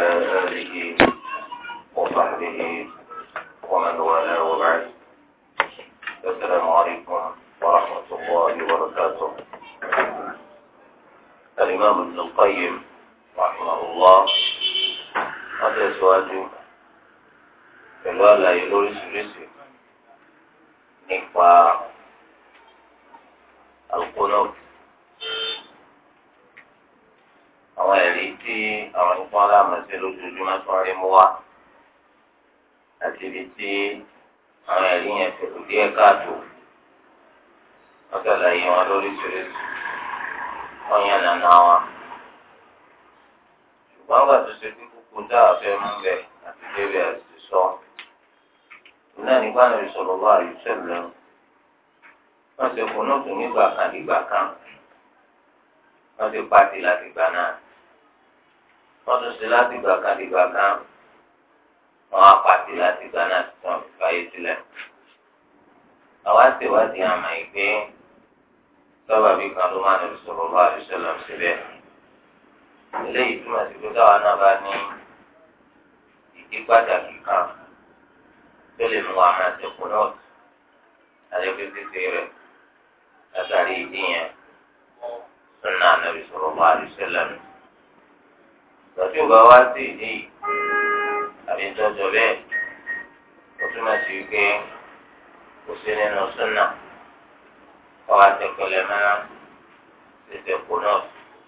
وعلى آله وصحبه ومن والاه وبعد السلام عليكم ورحمة الله وبركاته الإمام ابن القيم رحمه الله قد يسواجه pẹ̀lú àlàyé lóríṣiríṣi nípa lójoojúmọ́ tó ń rí mú wá àti ibi tí àwọn ẹ̀rí yẹn fi kù díẹ̀ káàtó wọ́n ṣàlàyé wọn lóríṣiríṣi wọ́n yàn nàná wa ṣùgbọ́n wà tó ṣe pé kúkú dáa fẹ́ mú bẹ̀ àti bẹ́ẹ̀ àti sọ iná nígbà náà ìṣòro wà ìṣẹ̀lẹ̀ wọ́n ṣe kùnú tún nígbà kan dìgbà kan wọ́n ṣe pàtì láti gbà náà wọ́n tún ṣe láti gbà kan dìgbà kan wọ́n á pàṣẹ láti gbà náà tí wọ́n fi fàyè sílẹ̀. àwa ṣèwádìí àmọ́ ìgbé sábàbí kan ló máa ń sọ̀rọ̀ bá àdúṣọ́lá síbẹ̀. eléyìí túmọ̀ sí pé táwa náà bá ní ìdí pàtàkì kan tó lè mú wa máa náà àyẹ̀kú títí rẹ̀ látàrí ìdí yẹn. sunna anabi sọ̀rọ̀ bá àdúṣọ́lá lọ́sí ìgbà wá sí ìdí yìí àbí tọ́jọ́ bẹ́ẹ̀ ó túmọ̀ sí wípé kò sí nínú súnà ọwọ́ àtẹ̀kọ́lẹ̀ máa tètè kó náà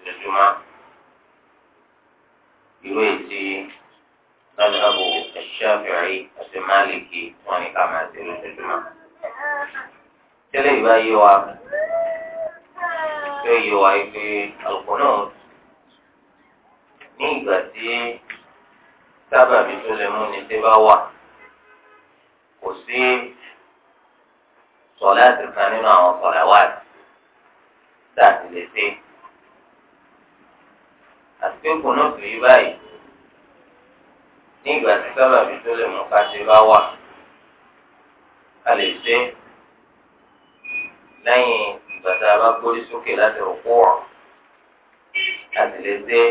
lójúmọ́ ìwé ti lọ́dọ̀ọ́bù ẹ̀ṣọ́fẹ̀rí àti máàlìkì wọn ni ká máa ṣe lójoojúmọ́. tẹ́lẹ̀ ìbá yé wa yóò yé pé àlùkò náà ní ìgbà tí sábàbí tó lè mú ni dé bá wà kò sí sọlá ti kan nínú àwọn sọlá wà tá a ti lè ṣe àti pé kò tó yí báyìí ní tí sábàbí tó lè mú ká ṣe bá wà a lè ṣe lẹ́yìn ìgbà tá a bá gbórí sókè láti rò pọ̀ àti lè ṣe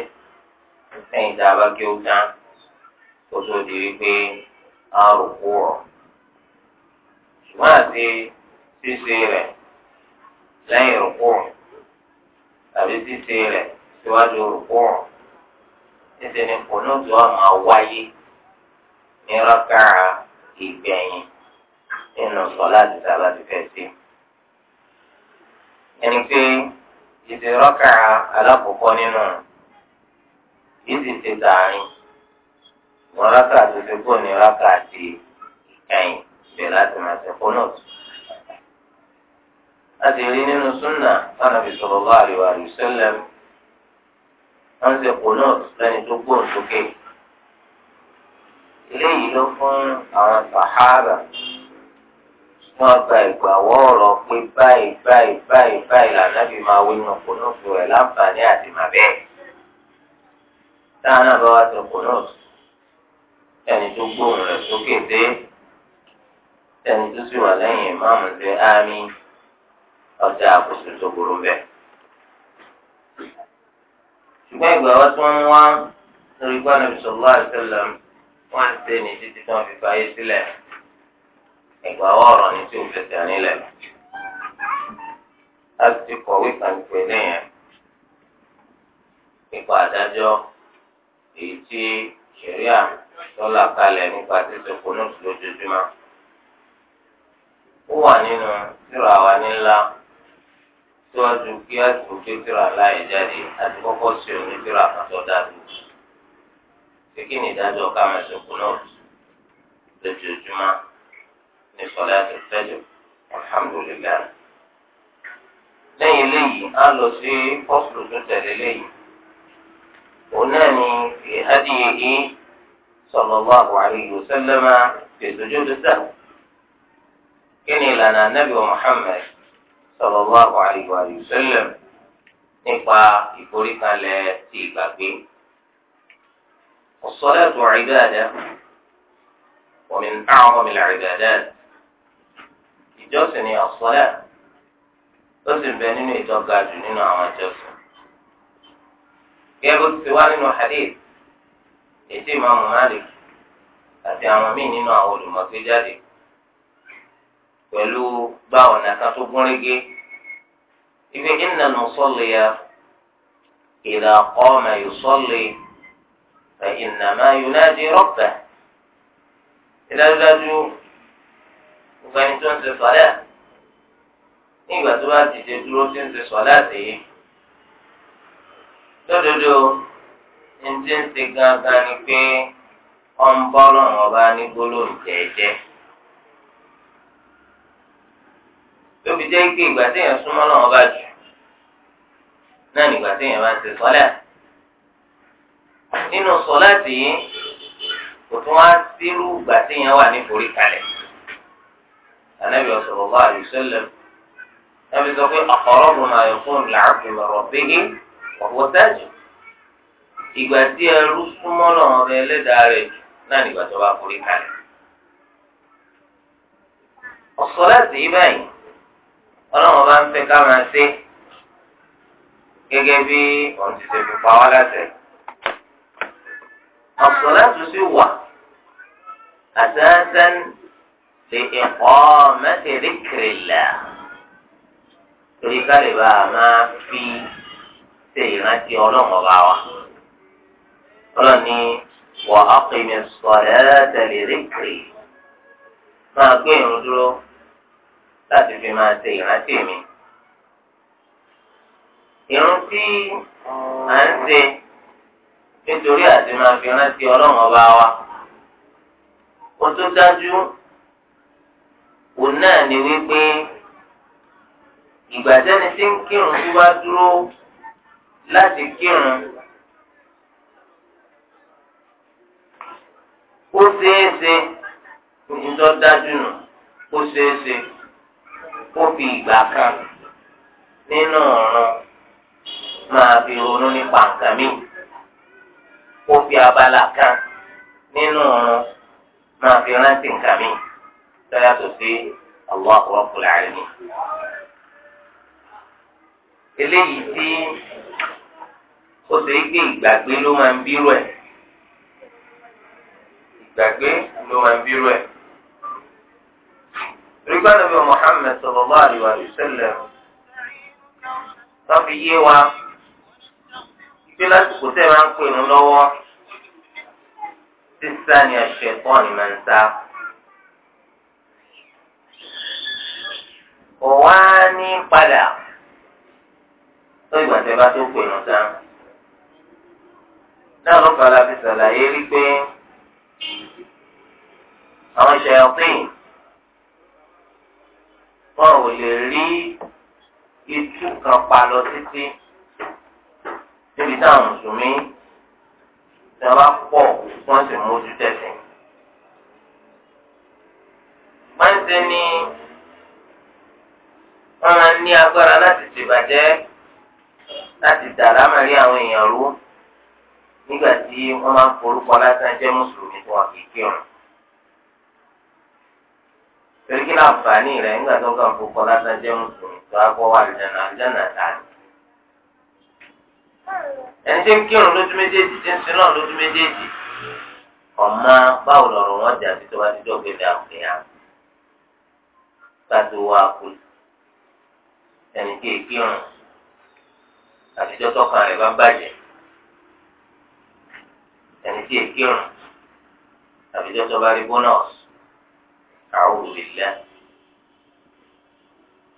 lẹ́yìn tá a bá kí ó tán kó tó di wípé a rò kú ọ. ṣùgbọ́n àti ṣíṣe rẹ̀ lẹ́yìn rò kú ọ tàbí ṣíṣe rẹ̀ síwájú rò kú ọ. níṣẹ́ ni kò ní tó a máa wáyé ní rákà ìgbẹ̀yìn nínú sọlá ti tá a bá ti fẹ́ sí. ẹni pé ìdè rákà alákọ̀ọ́kọ́ nínú rẹ̀. kì í sì ṣe tààrin ìwọ̀n rákà tó ṣe kó ní rákà àti láti máa a sì rí nínú súnà sànàbì sallallahu alaihi wa sallam wọ́n ṣe kó náà tù lẹ́ni tó gbóhùn sókè. eléyìí ló fún àwọn sàhábà wọn gba ìgbàwọ́ ọ̀rọ̀ pé báyìí báyìí báyìí báyìí lànà máa wí náà láǹfààní táwọn náà bá wá sọ kò náà ẹni tó gbóhùn rẹ̀ sókè dé ẹni tó sì wà lẹ́yìn ìmáàmù ṣe ámì ọjà àkóso tó burú bẹ́ẹ̀. ṣùgbọ́n ìgbà wa tí wọ́n mú wá lórí gbọ́dọ̀ bisọ̀lá àṣẹlẹ̀ wọ́n ń ṣe ní títí tí wọ́n fi fàyè sílẹ̀ ìgbà wa ọ̀rọ̀ ní tí ò fẹsẹ̀ nílẹ̀. a kọ̀wé kan pè léyìn nípa àdájọ́ èyí tí ṣẹ̀ríà lọ́la kalẹ̀ nípa títún kunut lójoojúmọ́. ó wà nínú tírà wa nílá síwájú kí á tó gbé tírà láì jáde àti kọ́kọ́ sí òní tírà kan tó dájú. ṣé kí ni ìdájọ́ ká máa ṣe kunut lójoojúmọ́ ní sọ̀lá tó fẹ́jọ́ alhamdulilayi lẹ́yìn eléyìí á lọ sí fọ́sùlù tó tẹ̀lé lẹ́yìn. وناني في هديه صلى الله عليه وسلم في سجود السهو كان لنا النبي محمد صلى الله عليه وآله وسلم نقع يقولك لا تيبابي والصلاة عبادة ومن أعظم العبادات ìjọsìn الصلاة àṣọlá ó sì bẹ nínú ìjọga gẹ́gẹ́ bó ti ṣe wá nínú hadith ètí ìmáàmù Malik àti àwọn míì nínú àwọn olùmọ̀gbé jáde pẹ̀lú bá ọ̀nà kan tó gún régé ibi inna nusalliya idha qama yusalli fa innama yunadi rabbah ìdájúdájú gbogbo tó ń ṣe sọ̀lá nígbà tó bá ti ṣe dúró tó ń ṣe sọ̀lá sí lódodo ntí ń ṣe gangan ni pé ọ̀n bọ́lọ̀ ọba ní gbólóhùn jẹ́ẹ́jẹ́. lóbi jẹ́ pé ìgbà téèyàn súnmọ́ lọ́wọ́ bá jù náà nígbà téèyàn bá ń ṣe nínú sọ́lá tì í kò tún wá sírú ìgbà téèyàn wà níforí kalẹ̀. ànábì fi sọ pé ọ̀wọ́ dájú ìgbà tí ẹrú súnmọ́ lọ́wọ́ ọ̀rẹ́ ẹlẹ́dàá rẹ̀ jù náà nígbà tó bá forí kalẹ̀. ọ̀sọ́ láti yí báyìí ọlọ́run bá ń fẹ́ ká máa ṣe gẹ́gẹ́ bí òun ti ṣe fi pa wá láṣẹ. ọ̀sọ́ láti sì wà àtẹ́sẹ́n lè ẹ̀kọ́ mẹ́tẹ̀ẹ́dẹ́kẹ̀rẹ̀lá torí ká lè bá a máa fi. ṣe ìrántí ọlọ́run ọba wa ọlọ́ni wà á pè mí sọ̀rẹ́ tẹ̀lé rékìrì máa gbé irun dúró láti fi máa ṣe ìrántí mi. irun tí à ń ṣe nítorí àti máa fi rántí ọlọ́run ọba wa ó tó dájú òun náà ni wípé ìgbà tẹ́ni tí ń kírun dúró. láti kírun ó ṣeéṣe ìjọ dájú nù ó ṣeéṣe ó fi ìgbà kan nínú ọ̀ràn máa fi ronú nípa nǹkan mi ó fi abala kan nínú ọ̀ràn máa fi rántí nǹkan mi lọ́yà tó fi Allahu Rabbul Alamin. eléyìí tí. ó ṣe é gbé ìgbàgbé ló máa ń bírú ẹ̀ ìgbàgbé ló máa ń bírú nàbí wa sallam yé wa ìgbé lásìkò tẹ́ máa ń pè ní lọ́wọ́ sísá ni àṣẹ náà ló fara fi ṣàlàyé rí pé àwọn ṣèyàpín wọn ò lè rí itú kan pa lọ títí níbi táwọn mùsùlùmí tí wọn bá pọ̀ wọn sì mójú tẹ̀sìn. wọ́n ṣe ní wọ́n máa ń ní agbára láti ṣèbàjẹ́ láti dà àwọn èèyàn rú nígbà tí wọ́n máa ń forúkọ lásán jẹ́ mùsùlùmí tí wọ́n kìí kírun. torí kí láǹfààní rẹ̀ nígbà tó kàn forúkọ lásán jẹ́ mùsùlùmí tó á bọ́ wà lẹ́nà àlùjáná dání. ẹni tí ń kírun lójú méjèèjì tí ń sin náà lójú méjèèjì ọ̀ma báwo lọ̀rọ̀ wọn jà sí tó bá ti dọ̀gbẹ́ dà òkè gbàtò wa kù ẹni kéèké rùn àtijọ́ tọkàn rẹ̀ bá bàjẹ́ ẹni tí èké rùn tàbí tó tó bá rí bónọ́ọ̀sì àwọn òrìlẹ.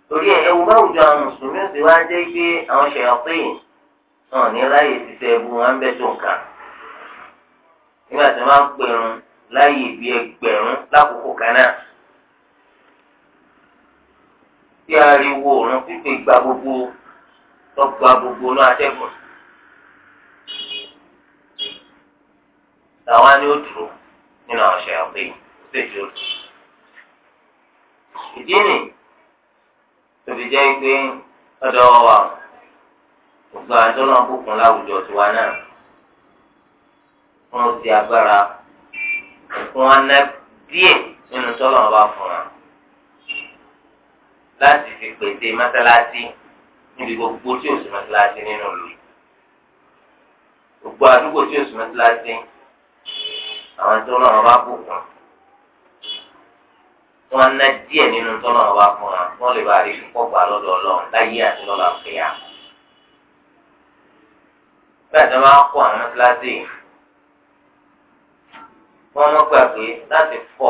torí ẹ ewu báwùjọ àwọn mùsùlùmí ó sì wá jẹ́ pé àwọn ṣèyàpéyì wọn ò ní ráyè títẹ ẹbu wọn ń tó nǹkan nígbà tí wọn máa ń pẹrun láyè bí ẹgbẹ̀rún lákòókò kan náà tí ariwo òrùn pípé gba gbogbo tó gba gbogbo náà atẹ́gùn. làwọn ni ó dúró nínú àwọn ṣẹyà pé kò sí ìdúró. ìdí nì tòbí jẹ́ pé ọ̀dọ̀ wa gbogbo àjọlọ́ bùkún láwùjọ tiwa náà wọ́n ti agbára wọn ná díẹ̀ nínú tọ́lọ̀ ọba fún wa láti fi pèsè mọ́sálásí níbi gbogbo tí o sì mọ́sálásí nínú ìlú gbogbo àdúgbò tí o sì mọ́sálásí àwọn tó náà bá bù kún wọn ná díẹ̀ nínú tó náà bá fún wa wọn lè bá rí ìfọgbà lọ́dọ̀ Ọlọ́run láyé àti lọ́la fìyà bẹ́ẹ̀ tó máa kó àwọn kíláàsì wọn mọ gbàgbé láti fọ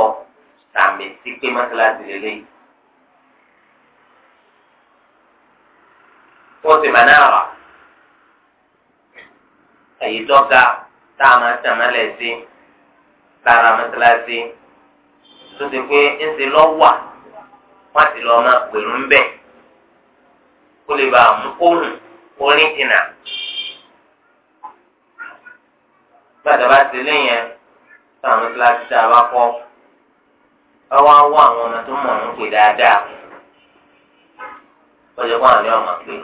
sàmì sí pé mọ́kíláàsì lélẹ́yìí. wọ́n ti manára èyí tó ga tá a máa tẹ̀mọ́lẹ̀ sí lára mọ́sálásí tó ti pé ń ṣe lọ́wà wọ́n ti lọ́ọ́ máa pèrú ń bẹ̀ kó lè bàa mú kóòrùn orin jìnnà gbàdá bá ti lé yẹn táwọn mọ́sálásí tá a bá kọ́ ẹ wá wá àwọn ọmọ tó mọ̀ ọ́n pè dáadáa lọ́jọ́ kó àwọn ọmọ pè é.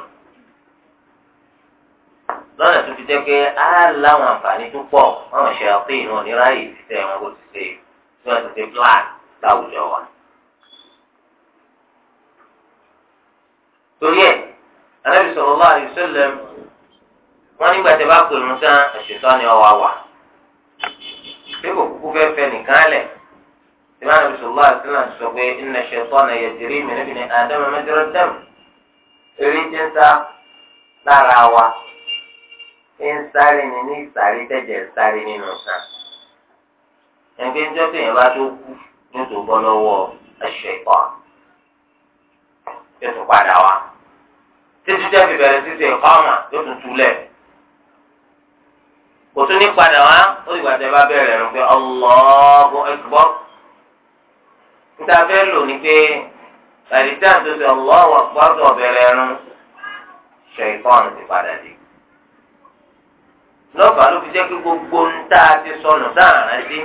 lọ́nà tó fi jẹ́ pé á láwọn àǹfààní tó pọ̀ wọ́n ṣe àpéyìn oníráyè títẹ̀ wọn kó ti ṣe tí wọ́n ti ṣe láwùjọ wa. torí ẹ̀ anábì sallallahu alaihi wasallam wọ́n nígbà tí a bá pè mú àṣetọ́ ni ọwọ́ wà. bí kò kúkú fẹ́ fẹ́ nìkan lẹ̀ tí wọ́n anábì sallallahu na wasallam sọ pé inna ash-shaytana yajri ń sáré ni ní ìsáré tẹ̀jẹ̀ sáré nínú kan ẹgbẹ́ ń jọ́pẹ̀ yẹn bá tó kú ní tó bọ́ lọ́wọ́ ẹ̀ṣẹ̀ ìkọ́ yóò tún padà wá títí jẹ́ yóò tún túlẹ̀ kò tún ní padà wá ó ìgbà bá bẹ̀rẹ̀ rẹ̀ pé níta fẹ́ lò lọ́ọ̀bà ló fi jẹ́ pé gbogbo ń tá a ti sọnù sáàrán sí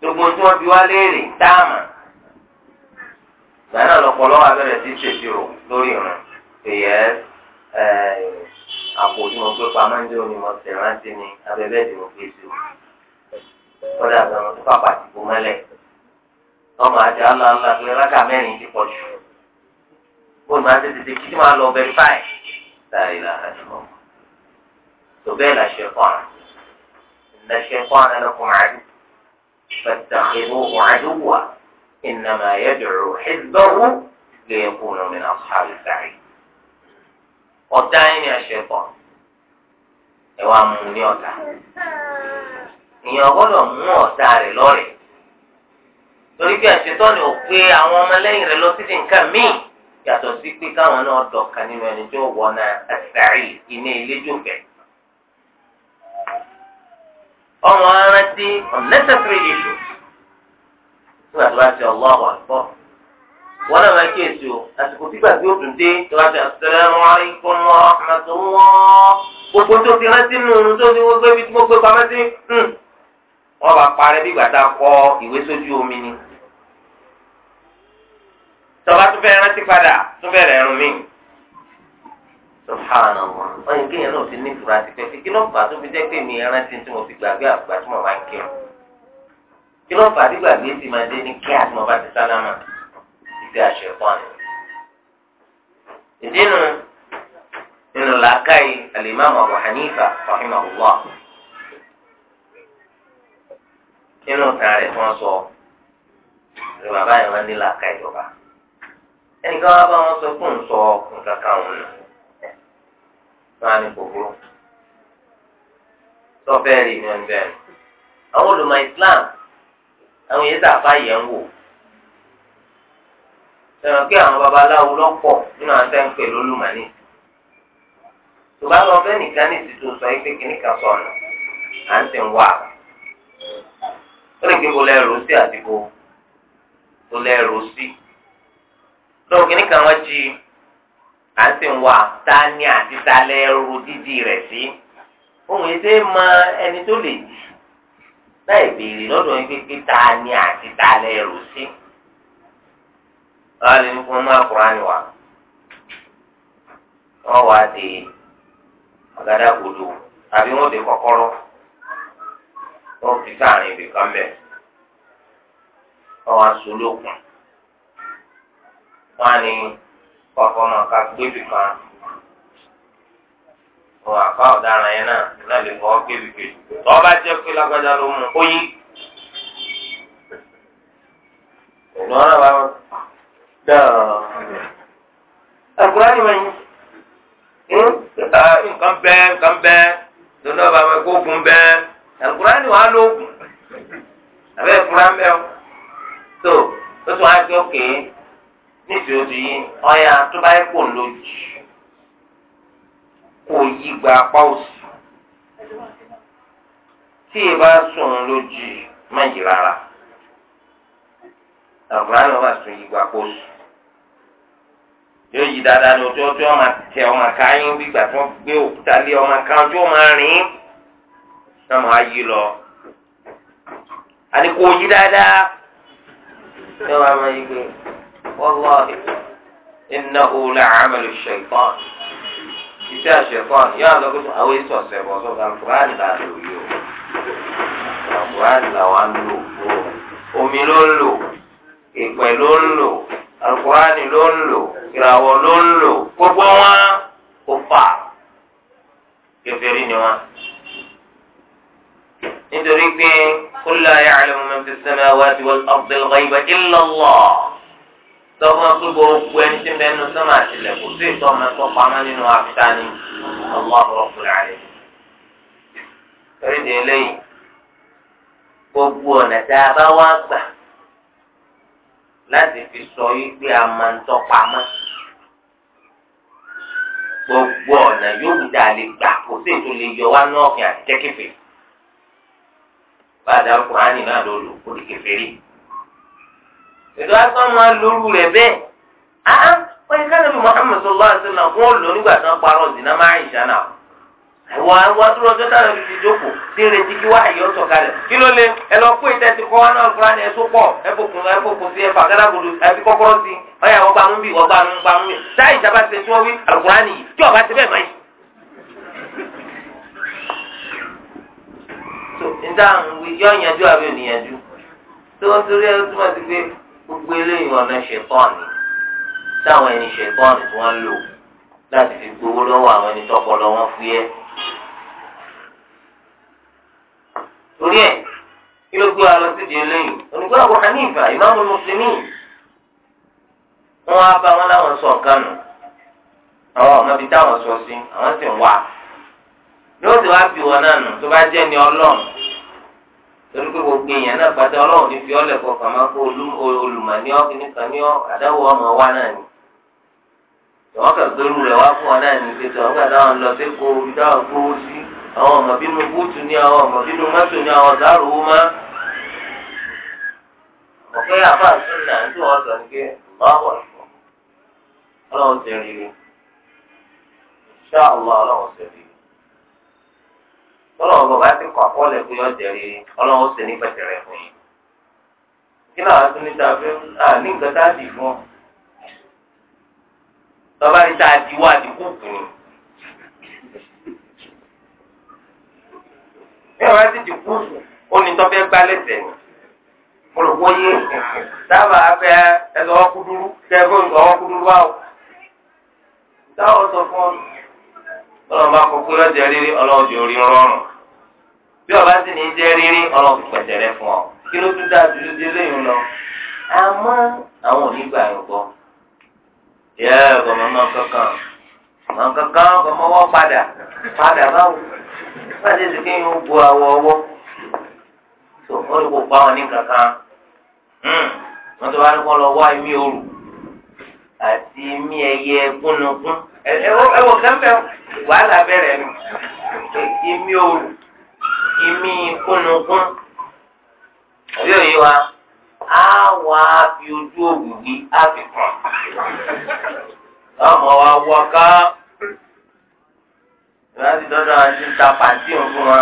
gbogbo tí wọ́n fi wá léèrè táàmà gbaná lọ́pọ̀lọ́ abẹ́rẹ́ sí ṣèṣirò lórí ìrìn èyẹ àpò tí mo gbé pamọ́ ń dúró ni mo sì rántí ni abẹ́bẹ́ tí mo gbé sí o kọ́dà àgbàmọ́ tó pàpà ti bò mọ́lẹ̀ ọmọ àti aláǹlà pé rákà mẹ́rin ti pọ̀ jù bóun máa ń tètè kí ni màá lọ bẹ́ẹ̀ báyìí láàrin láàrin lọ. tó bẹ́ẹ̀ la ṣe kọ́ àná la ṣe kọ́ àná lọ́kùn àdú fẹ̀tàkìlú àdúwà ìnàmà yẹ́dùrú ìdọ́wọ́ lè kú lómi náà sáré sáré. ọ̀tá yín ni a ṣe kọ́ ẹ wá mú ní ọ̀tá èèyàn gbọ́dọ̀ mú ọ̀tá rẹ̀ lọ́rẹ̀ torí bí àṣetọ́ ni ò pé àwọn ọmọlẹ́yìn rẹ̀ lọ sí nǹkan míì. yàtọ̀ sí pé káwọn náà dọ̀kan nínú ẹni tó wọ̀ na àtàrí iná iléjòfẹ́. ọmọ arántí unnecessary issue nígbà tó bá àgbọ̀ wọn náà máa kíyèsí o àsìkò tí gbàgbé òdùn dé tó bá ti assalamu alaykum wa rahmatullah gbogbo tó ti rántí nù nù tó ti wọ́n gbé bí tí mo gbé pamọ́ sí hmm. wọn bá parẹ́ bí gbàtà kọ ìwé sójú omi ni. tọba tó fẹ́ rántí padà tó bẹ̀rẹ̀ ẹ̀rùn mi. subhana wa ọyìn kéèyàn náà ti ní ìfura ti pẹ́ kí ló fà á tó fi jẹ́ pé mi rántí tí mo fi gbàgbé àgbà tí mo máa ń kírun kí ló fà á dígbà gbé sí máa dé ní kíá tí mo bá ti sálámà ìdí àṣẹ fún mi. ìdínú nínú làákàyè alimami abu hanifa rahimahullah nínú tààrẹ tí wọn sọ ìrìn bàbá yẹn wọn ní ẹnìkan wá bá wọn sọ pé ń sọ ọkùnrin kankan wọn nù máa ní gbogbo sọfẹ́ẹ̀rì ni wọ́n àwọn Islam àwọn yẹn sàfà yẹn ń wò pé àwọn babaláwo nínú ń pè ní lọ nìkan ní ìsìtò sọ pé kìnnì kan à sọ̀rọ̀ kìíní kan wọ́n jí à ń sìn wá tani àti talẹ̀ ru dídì rẹ̀ sí ohun ètè mọ ẹni tó lè jì láì béèrè lọ́dọ̀ yín pé tani àti talẹ̀ ru sí. wọ́n ní kí wọ́n máa wọ́n wá tàbí wọ́n kọ́kọ́rọ́ wọ́n fi ibìkan wọ́n wá lókun. wọn á ní kọ̀ọ̀kan máa ka gbébì kan òun àfa ọ̀daràn yẹn náà náà lè fọ́ gbébì kejì tọ́ bá jẹ́ pé lágbájá ló mú ó yí. ìlú ọ̀nà bá dáa ẹ̀kúrẹ́ ni wọ́n yín nǹkan bẹ́ẹ̀ nǹkan bẹ́ẹ̀ lónà bá wọn kó gun bẹ́ẹ̀ ẹ̀kúrẹ́ ni wọ́n á lóògùn àbẹ́ ẹ̀kúrẹ́ ń tó tó tún á jẹ́ òkè. níbi òdì yìí ọ̀yà tó bá yẹ kó kò yí gba apá òsì tí ì bá sùn lójú má yí rárá bá sùn yí gba apá òsì yóò yí dáadáa ní ojú ọjọ́ ọmọ tẹ ọmọ káyín bí tí wọ́n gbé òkúta lé ọmọ ká ojú ọmọ rìn náà máa yí lọ yí dáadáa máa yí wallahi innahu la'amalu shaytan iṣẹ́ àṣẹ̀fọ́n yóò àlọ́ pé àwọn èso ọ̀sẹ̀ bọ̀ sọ àlùkùránì là ń lò yìí o àlùkùránì làwa ń lò o omi ló ń lò ìpẹ́ ló ń lò àlùkùránì ló ń lò ìràwọ̀ ló ń lò gbogbo wọn kò fà kèfèrí ni wọn. nítorí pé kullu ya'lamu man fis samawati wal ardi al-ghayba illa Allah tọ́gbọ́n tó gbọ́ oku ẹni tí mẹ́nu sọ́mà àtìlẹ̀ kò sí ìtọ́ ọmọ ẹ̀kọ́ pamọ́ nínú àfitá ni ọmọ ọ̀rọ̀kùnrin àlẹ́. Lórídìí eléyìí, gbogbo ọ̀nà tá a bá wá gbà láti fi sọ wípé a máa ń tọ́ pamọ́. Gbogbo ọ̀nà yóò dà lè gbà kò sí ètò lè yọ wá náà fi àti jẹ́ Bá a dá ọkùnrin náà lò lò kó di kẹfẹ́ rí. ètò àti wọn máa lóru rẹ bẹ́ẹ̀ áá wọn yìí kánàbí Muhammad sallallahu alaihi wasallam wọn ò lò nígbà tán parọ́ zina máa ń ṣànà àwọn àwọn àdúrà ọjọ́ ti jókòó tí retí kí wáyé ọ̀sọ̀ kalẹ̀ kí ló lé ẹ lọ kó ìtẹ́sí kọ́ wọn náà ní ẹ sọ́pọ̀ ẹ sí gbogbo eléyìí ọ̀nà ṣètọ́ọ̀nì táwọn ẹni ṣètọ́ọ̀nì tí wọ́n lò láti fi gbowó lọ́wọ́ àwọn ẹni tọ́pọlọ wọn fúyẹ́. torí ẹ̀ kí ló gbé wa lọ sídìí eléyìí onígbà Abu Hanifa ìmáàmù mùsùlùmí wọn á bá wọn láwọn sọ nǹkan nù àwọn ọmọ ibi táwọn sọ sí àwọn sì ń wà yóò ti wá bí wọn náà nù tó bá jẹ́ ni ọlọ́run torí pé gbogbo èèyàn náà pàtẹ ọlọ́run ní fi ọlẹ̀ kọ kàmá kó olùmọ̀ní ọ̀kìnní kan ní àdáwò ọmọ wa náà ni ìwọ́n kà gbẹ́rù rẹ̀ wá fún ọ náà ní ìgbésẹ̀ wọn gbà dáhùn lọ sí kó dáhùn gbówó sí àwọn ọmọ bínú búùtù tọ́lọ́wọ́ bàbá ti kọ́ àkọọ́lẹ̀ pé ọ̀jẹ̀ rí ọlọ́wọ́ sì ní pẹ̀tẹ̀ rẹ̀ fún yín. kí náà wàá tún ní ta fẹ́ à ní nǹkan tá a dì fún ọ. bàbá ní ta àti wá àti kú kù ní. bí wàá ti dì kú ó ní tọ́ fẹ́ gbá lẹ́sẹ̀ ni. mo rò wọ́n yé dábàá fẹ́ ẹ̀sọ́ ọkùdúrú kẹ́ fún ọkùdúrú wa o. táwọn sọ fún ọ. ọlọ́run bá kọ fún yọjẹ rírí rọrùn bí ọba sì ní rírí fún ọ kí ló tún dáa dúdú dé lẹ́yìn lọ àmọ́ àwọn onígbà yóò gbọ́ yẹ ọmọ máa kankan kankan ọmọ padà padà báwo pàdé bu àwọ̀ ọwọ́ tó lè kó pa wọn ní kankan hmm. tó bá ní lọ ẹwọ kẹfẹ wàhálà bẹ̀rẹ̀ ìmí ooru ìmí kúnnukún bí òye wa á wà á fi ojú òwú á fi kàn ọmọ wa wọ ká láti dọ́dọ̀ àti ta pàtí wa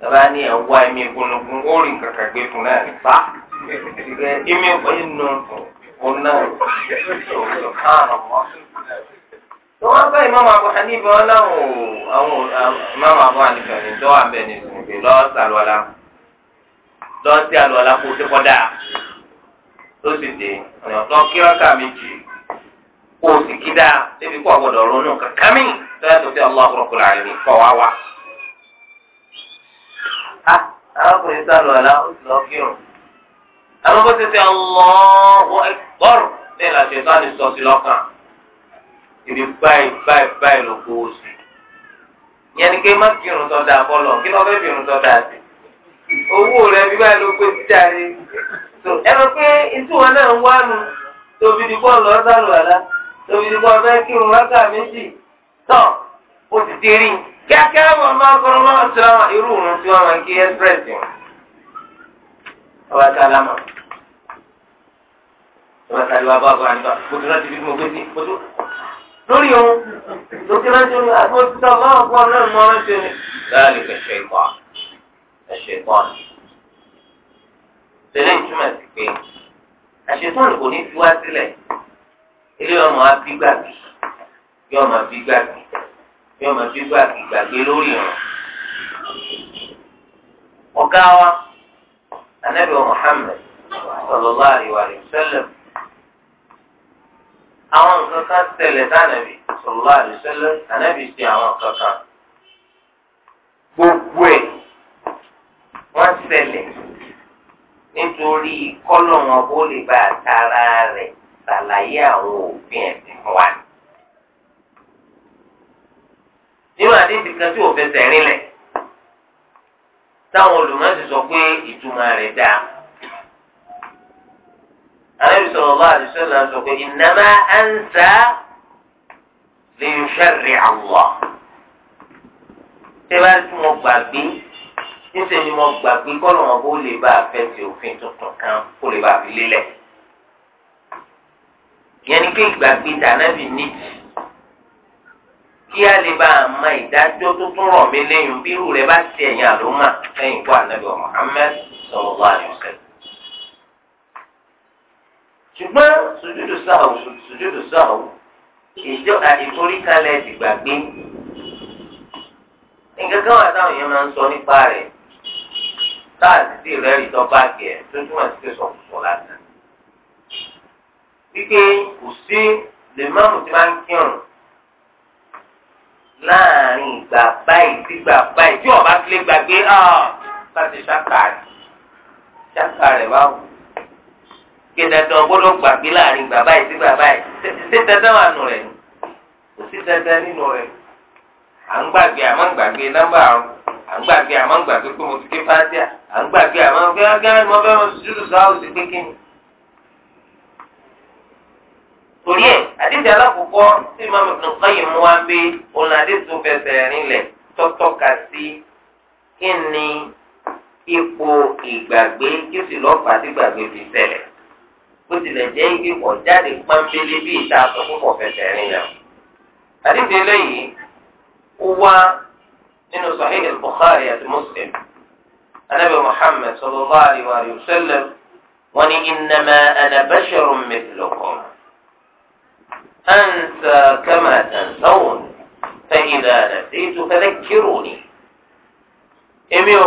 bàbá ní ẹ̀ wá imi kúnnukún ó rìn kàkà gbé fún náà imi kúnnukún náà wọ́n bá ìmáàmù Hanifa wọn ò àwọn ìmáàmù Abu Hanifa ní tó wà ní ìsìnkú lọ́ọ́ sàlùwàlà lọ́ọ́ sí àlùwàlà kó tó kọ́ dáa tó sì dé ọ̀nà kó o sì kí dáa débi kó ọ̀gbọ̀dọ̀ ronú kankan tó yàtọ̀ sí Allahu Rabbul Alamin kọ́ wá wá. a èrè báyìí báyìí báyìí ló kó o ni pé má kírun tó dáa bọ́lọ̀ kí ló fẹ́ kírun tó dáa sí. owó rẹ bí báyìí ló gbé títà rí. ẹnu pé ìtura náà ń wá nu tóbi ní bọ́ọ̀lù ọ̀sálù àlá tóbi ní bọ́ọ̀lù fẹ́ kírun rákà méjì tán ó ti ti kíákíá wọn máa kọrin máa sọ irú òun tí wọn máa ń a lórí o lókè rántí o ní àgbo títà máa ń pọ̀ náà mọ́ rántí o ní. láàrin kẹsẹ̀ ìpà ẹ̀ṣẹ̀ ìpà tẹ̀lé ìtumọ̀ sí pé àṣetán kò ní fi wá sílẹ̀ ilé ọmọ abígbàgbé yóò máa fi gbàgbé yóò máa fi gbàgbé gbàgbé lórí ọ̀rọ̀. ọ̀gá wa anabi wa Muhammad sallallahu alaihi wa àwọn nǹkan kan tẹ̀lé sànàbì sọlá àdìsẹ́lẹ̀ ànàbì ṣe àwọn nǹkan kan gbogbo ẹ̀ wọ́n tẹ̀lé nítorí kọ́lọ̀ wọn bó lè bá tara rẹ̀ ṣàlàyé àwọn òfin ẹ̀sìn fún wa. nínú àdéhùn kan tí ò fẹsẹ̀ rinlẹ̀ táwọn olùmọ̀ọ́sì sọ pé ìtumọ̀ rẹ̀ dáa. النبي صلى الله عليه وسلم يقول إنما أنسى ليشرع الله تبارك مقبل níṣẹ́ ni mo gbà pé kọ́nà wọn kó lè bá àfẹ́sẹ̀ òfin tuntun kan kó lè bá fi lélẹ̀. ìyẹn ni pé ìgbàgbé dànàbì níjì kí a lè bá a mọ ìdájọ́ tó tún rọ̀ mí lẹ́yìn bí rẹ̀ bá ti ẹ̀yìn àlómà lẹ́yìn ikú ànábì Muhammad sallallahu sùjúdù sọ̀rọ̀ ìjọ àìforíkalẹ̀ dìgbàgbé nǹkan kan wà táwọn yẹn máa ń sọ nípa rẹ̀ táàtì sí rẹ̀ rí tọ́ báàgì ẹ̀ tó túmọ̀ sí pé sọ̀kùsọ̀ lásán wípé kò sí lèmọ́ọ̀mù tí máa ń kírun láàrin ìgbà báyìí sí ìgbà báyìí tí ọba ti gbàgbé láti ṣàkàrẹ̀ ṣàkàrẹ̀ báwo kí dandan gbọ́dọ̀ gbàgbé láàrin ìgbà báyìí sí báyìí. ṣé dandan wà nù rẹ̀ kò sí dandan nínú rẹ̀ à ń gbàgbé àmọ́ ń gbàgbé nọ́mbà à ń gbàgbé àmọ́ ń gbàgbé mo ti ké à ń gbàgbé àmọ́ sùúrù torí alákòókò tí màmá mú pé òun fẹsẹ̀ tọ́tọ́ka sí kí ni ipò ìgbàgbé kí sì lọ́ọ́ gbàgbé fi bó tilẹ̀ jẹ́ igi pọ̀ jáde pọ́nbélé bí ìta àtọ́ púpọ̀ fẹsẹ̀ rìn lẹ̀. àdìgbé lẹ́yìn ó wá nínú Sahih Bukhari àti Muslim anabi Muhammad sallallahu alayhi wa sallam wọn ni inama ana basharun mithlukum ansa kama tansawun fa idha kírò ni. èmi ò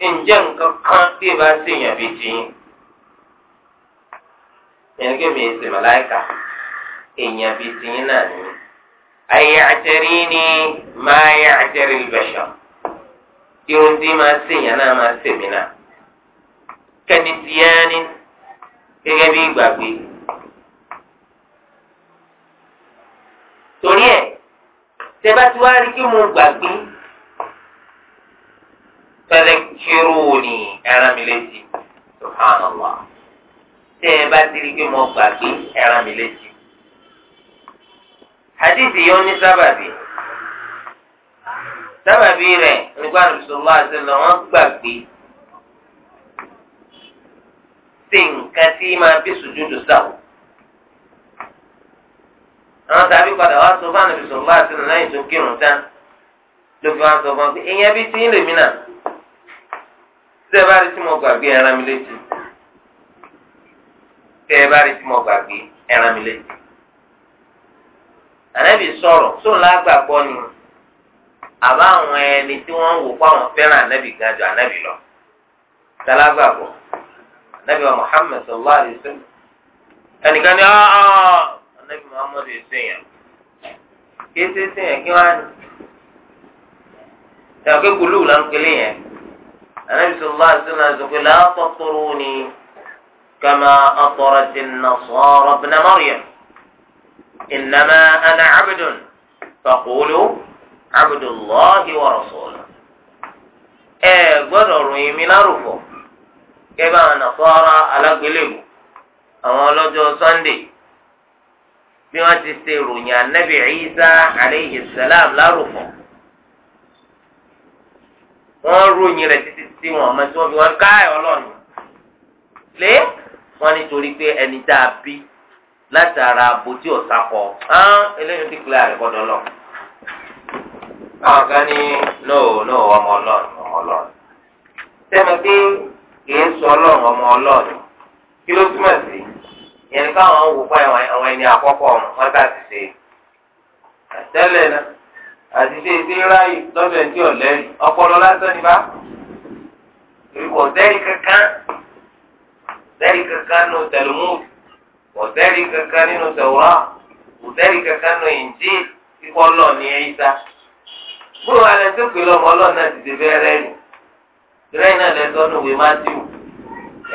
ǹjẹ́ nǹkan kan tí ì bá ṣèyàn bíi tiyín. yẹn kí mi ṣe màláìka èèyàn bíi tiyín náà ni ayé àtẹrí ni máa yẹ àtẹrí bẹṣọ irun tí máa ṣèyàn náà máa ṣèmí náà kẹ́ni tiyán gẹ́gẹ́ bí ìgbàgbé. torí ẹ̀ tẹ́ bá ti wá rí kí mo gbàgbé. bá ti pé mo gbà pé ẹran mi létí. hadith yóò ní sábàbí sábàbí rẹ̀ nígbà nùsùlùmá àti ọ̀nà wọn gbàgbé ṣe nǹkan tí máa bí sùjúdù sáwò. àwọn tàbí padà wá sọ fáwọn nùsùlùmá àti ọ̀nà lẹ́yìn tó kírun tán ló fi wá sọ fún ọ pé ìyẹn bí tí ń tẹ ẹ bá rí tí mo gbàgbé ẹran mi létí ànábì sọ̀rọ̀ lágbàgbọ́ ni àbá àwọn ẹni tí wọ́n ń wò fún àwọn fẹ́ràn ànábì Muhammad ẹnìkan Muhammad kí ṣe kí wọ́n á ní yẹn ànábì كما أطرت النصارى ابن مريم إنما أنا عبد فقولوا عبد الله ورسوله ẹ gbọ́dọ̀ ròyìn mi lárúfọ kẹbà nàfọra alágbélébù àwọn ọlọ́jọ́ sunday bí wọ́n ti ṣe ròyìn anabi isa aleyhi salam lárúfọ wọ́n ròyìn rẹ̀ títí tí wọ́n mọ̀ tí wọ́n fi wọ́n ká ẹ Ọlọ́run lé wọ́n nítorí pé ẹni tá a bí látara abotí ọ̀sà kọ hàn eléyìí ti kílẹ̀ rẹ̀ gbọ́dọ̀ lọ. àwọn kan ní no no ọmọ ọlọ́run ọmọ ọlọ́run. sẹ́mi pé kìí sọ ọlọ́run ọmọ ọlọ́run kí ló túmọ̀ sí ìyẹn káwọn wò fún àwọn ẹni àkọ́kọ́ wọn ká ti ṣe. àtẹ́lẹ̀ náà àti ṣe ṣe ráàyè lọ́dọ̀ ẹ̀ tí ọ̀lẹ́rìí ọpọlọ lásán ni bá. èmi sẹ́rí kankan nù Talmud kò sẹ́rí kankan nínú Tawrah kò sẹ́rí kankan nù Injil kíkọ́ lọ ní ẹ̀yíṣà gbọ́dọ̀ wà lẹ́sẹ̀ pé na ọlọ́run náà ti ti fẹ́ rẹ́ ni rẹ́ náà lẹ́sọ̀ nù ìwé Mátíù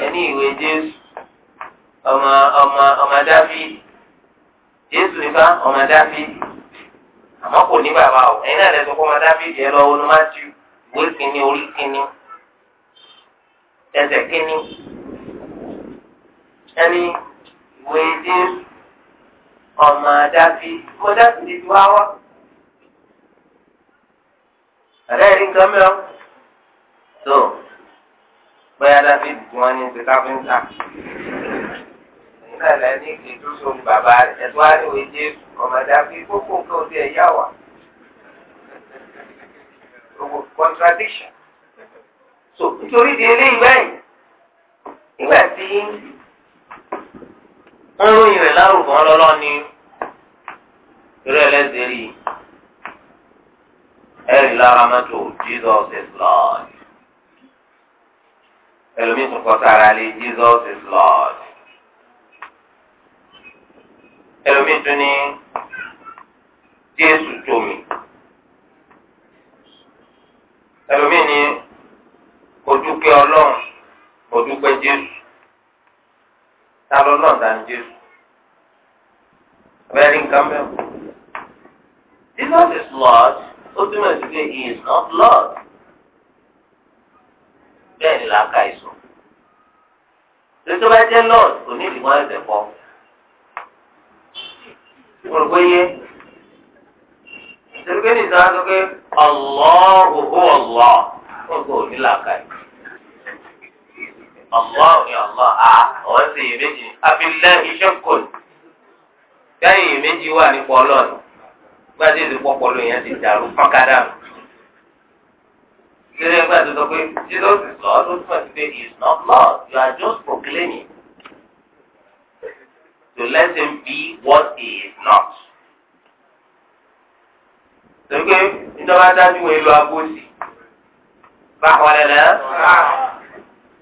ẹni ìwé Jésù ọmọ ọmọ ọmọ Dáfídì Jésù nípa ẹni ìwé jésù ọmọ àdáfi mo dáfi lè wá wá. ọ̀rẹ́ rí nǹkan mìíràn tó bóyá dáfi tí wọ́n ní ti káfíńtà nígbà tí ẹni ètò sórí bàbá rẹ̀ ẹ̀tọ́ á ìwé jésù ọmọ àdáfi gbogbo nǹkan òde ẹ̀yà wà. contradiction. so nítorí di eléyìí báyìí nígbà tí ń ròyìn rẹ̀ lárúkọ ọlọ́lọ́ ni eré ẹlẹ́sìn rí ẹ̀rí lára mọ́tò Jesus is Lord ẹlòmíì tún kọ́ sára lé Jesus is Lord ẹlòmíì tún ní Jésù tómi ẹlòmíì ní ojúkẹ́ ọlọ́run ojúkẹ́ Jésù. ta lọ lọ́n dání jésù abẹ́rẹ́ nǹkan mẹ́wọ́. Jesus is Lord ó túmọ̀ sí pé is not Lord bẹ́ẹ̀ ni làákà ìsọ. Tètè bá jẹ́ Lord kò ní ìdìbò ẹ̀sẹ̀ pọ̀. Mo rò pé yé. Ìṣèlú kí ni ìsọ̀rọ̀ sọ ni isoro okay? Allah òhó Allah Oh, kò ní làákà Allah ni Allah a ọ̀hún ṣe yìí méjì abilẹ̀ ìṣẹ́kùn káyìn yìí méjì wà nípa ọlọ́ọ̀nù gbájú ìdí pọpọlọ yẹn ti dàrú fọ́nkádà nù. Ìṣẹ̀lẹ̀ ìgbà tó sọ pé Jesus is Lord ó túmọ̀ sí pé he is not Lord you are just proclaiming to let him be what he is not. Sọ pé ìjọba dájú wọn ìlú agbóòsì. Báwo lẹ́lẹ́?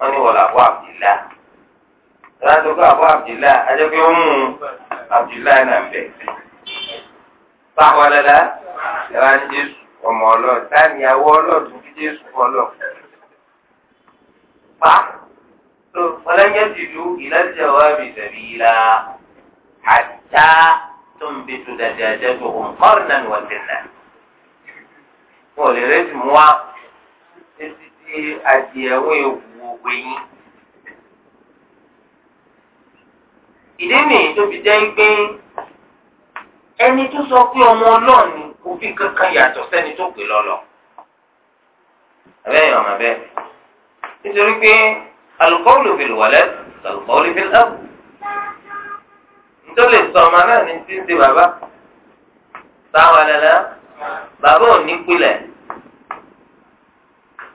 wọ́n ní wọ́n àbọ̀ àbdìlá ìrántí pé àbọ̀ àbdìlá ajẹ́ pé ó mú àbdìlá náà bẹ̀. báwọn dada ìrántí jésù ọmọ ọlọ́ọ̀ táàmì àwọ̀ ọlọ́ọ̀ tó fi jésù ọlọ́ọ̀. pa tó ọlọ́yẹ́ ti lu ìlàjì àwọn àmì ìdàbí la àtà tó ń bẹ̀tù dàdà jẹ́ tó ń kọ́rin náà wọ́n ti nà. wọ́n lè rẹ́sì mú wa títí tí adìẹ wọ́n òwe yín. ìdí nìyí tó fi jẹ́ pé ẹni tó sọ pé ọmọ ọlọ́run ni kò fi kankan yàtọ̀ sẹ́ni tó pè lọ́lọ́. abẹ́yẹn ọmọ bẹ́ẹ̀ nítorí pé alukọ́ọ̀lù fi lù wọlé alukọ́ọ̀lù fi lù nítorí sọ ọmọ náà ní ti ń ṣe bàbá táwọn ẹlẹ́lẹ́ bàbá ò ní pilẹ̀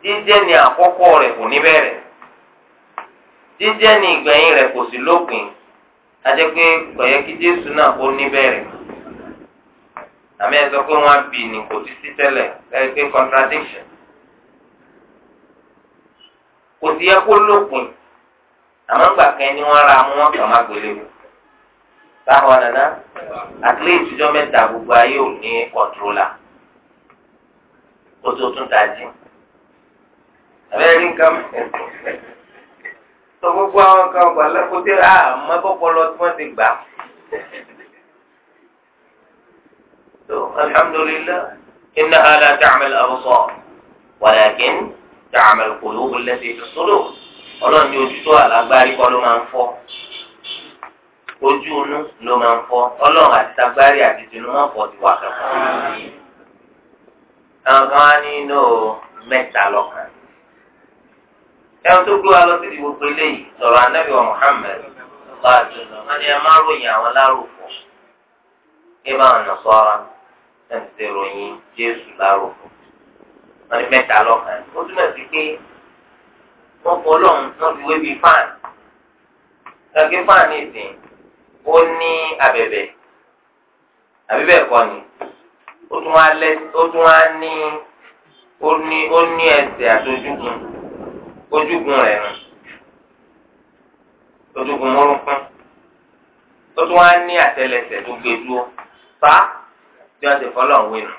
jíjẹ́ ni àkọ́kọ́ rẹ̀ kò ní bẹ̀rẹ̀. jíjẹ́ ní ìgbẹ̀yìn rẹ̀ kò sí lópin ajẹ́ pé kọ̀yẹ́ kí jésù náà ó níbẹ̀rẹ̀ àmì ẹ̀ sọ pé wọ́n á bì ní kò sí sí tẹ́lẹ̀ pé contradiction kò sí yẹ kó lópin àmọ́ ni wọ́n ra mú wọn kàn má gbélébù báwọn nana àtúlẹ̀ ìtújọ́ mẹ́ta gbogbo ayé ò ní tó tún tají nǹkan mẹ́ta. sọ gbogbo àwọn kan gbàlẹ́kọ̀tẹ́ àmọ́ bọ́pọ̀lọ́ tí wọ́n ti gbà. so alhamdulillah innaha la ta'mal absar walakin ta'mal qulub allati fi sudur ọlọ́run ní ojú tó àlágbárí kọ́ ló máa ń fọ́ ojú inú ló máa ń fọ́ ọlọ́run àti tagbárí àti tinú máa fọ́ ti wà kankan. àwọn kan á ní inú mẹ́ta lọ́kàn. ẹ̀rọ tó gbé wa lọ síbi gbogbo eléyìí sọ̀rọ̀ anábì wa Muhammad ọba àjọyọ̀ wọn ni ẹ máa ròyìn àwọn lárúkọ kí bá wọn Nasara náà ti ṣe ròyìn Jésù lárúkọ wọn ni mẹ́ta lọ́kàn ó túmọ̀ sí pé wọ́n kọ́ lọ́hùn wọ́n ti wé bíi fáàn gàgé fáàn ó ní ni ó tún wá ní ojúgun rẹ̀ ojúgun mọ́rúnkún ó tún wá ní àtẹlẹsẹ̀ tó gbé dúró fa bí wọ́n ti fọ́lọ̀ ń wínú.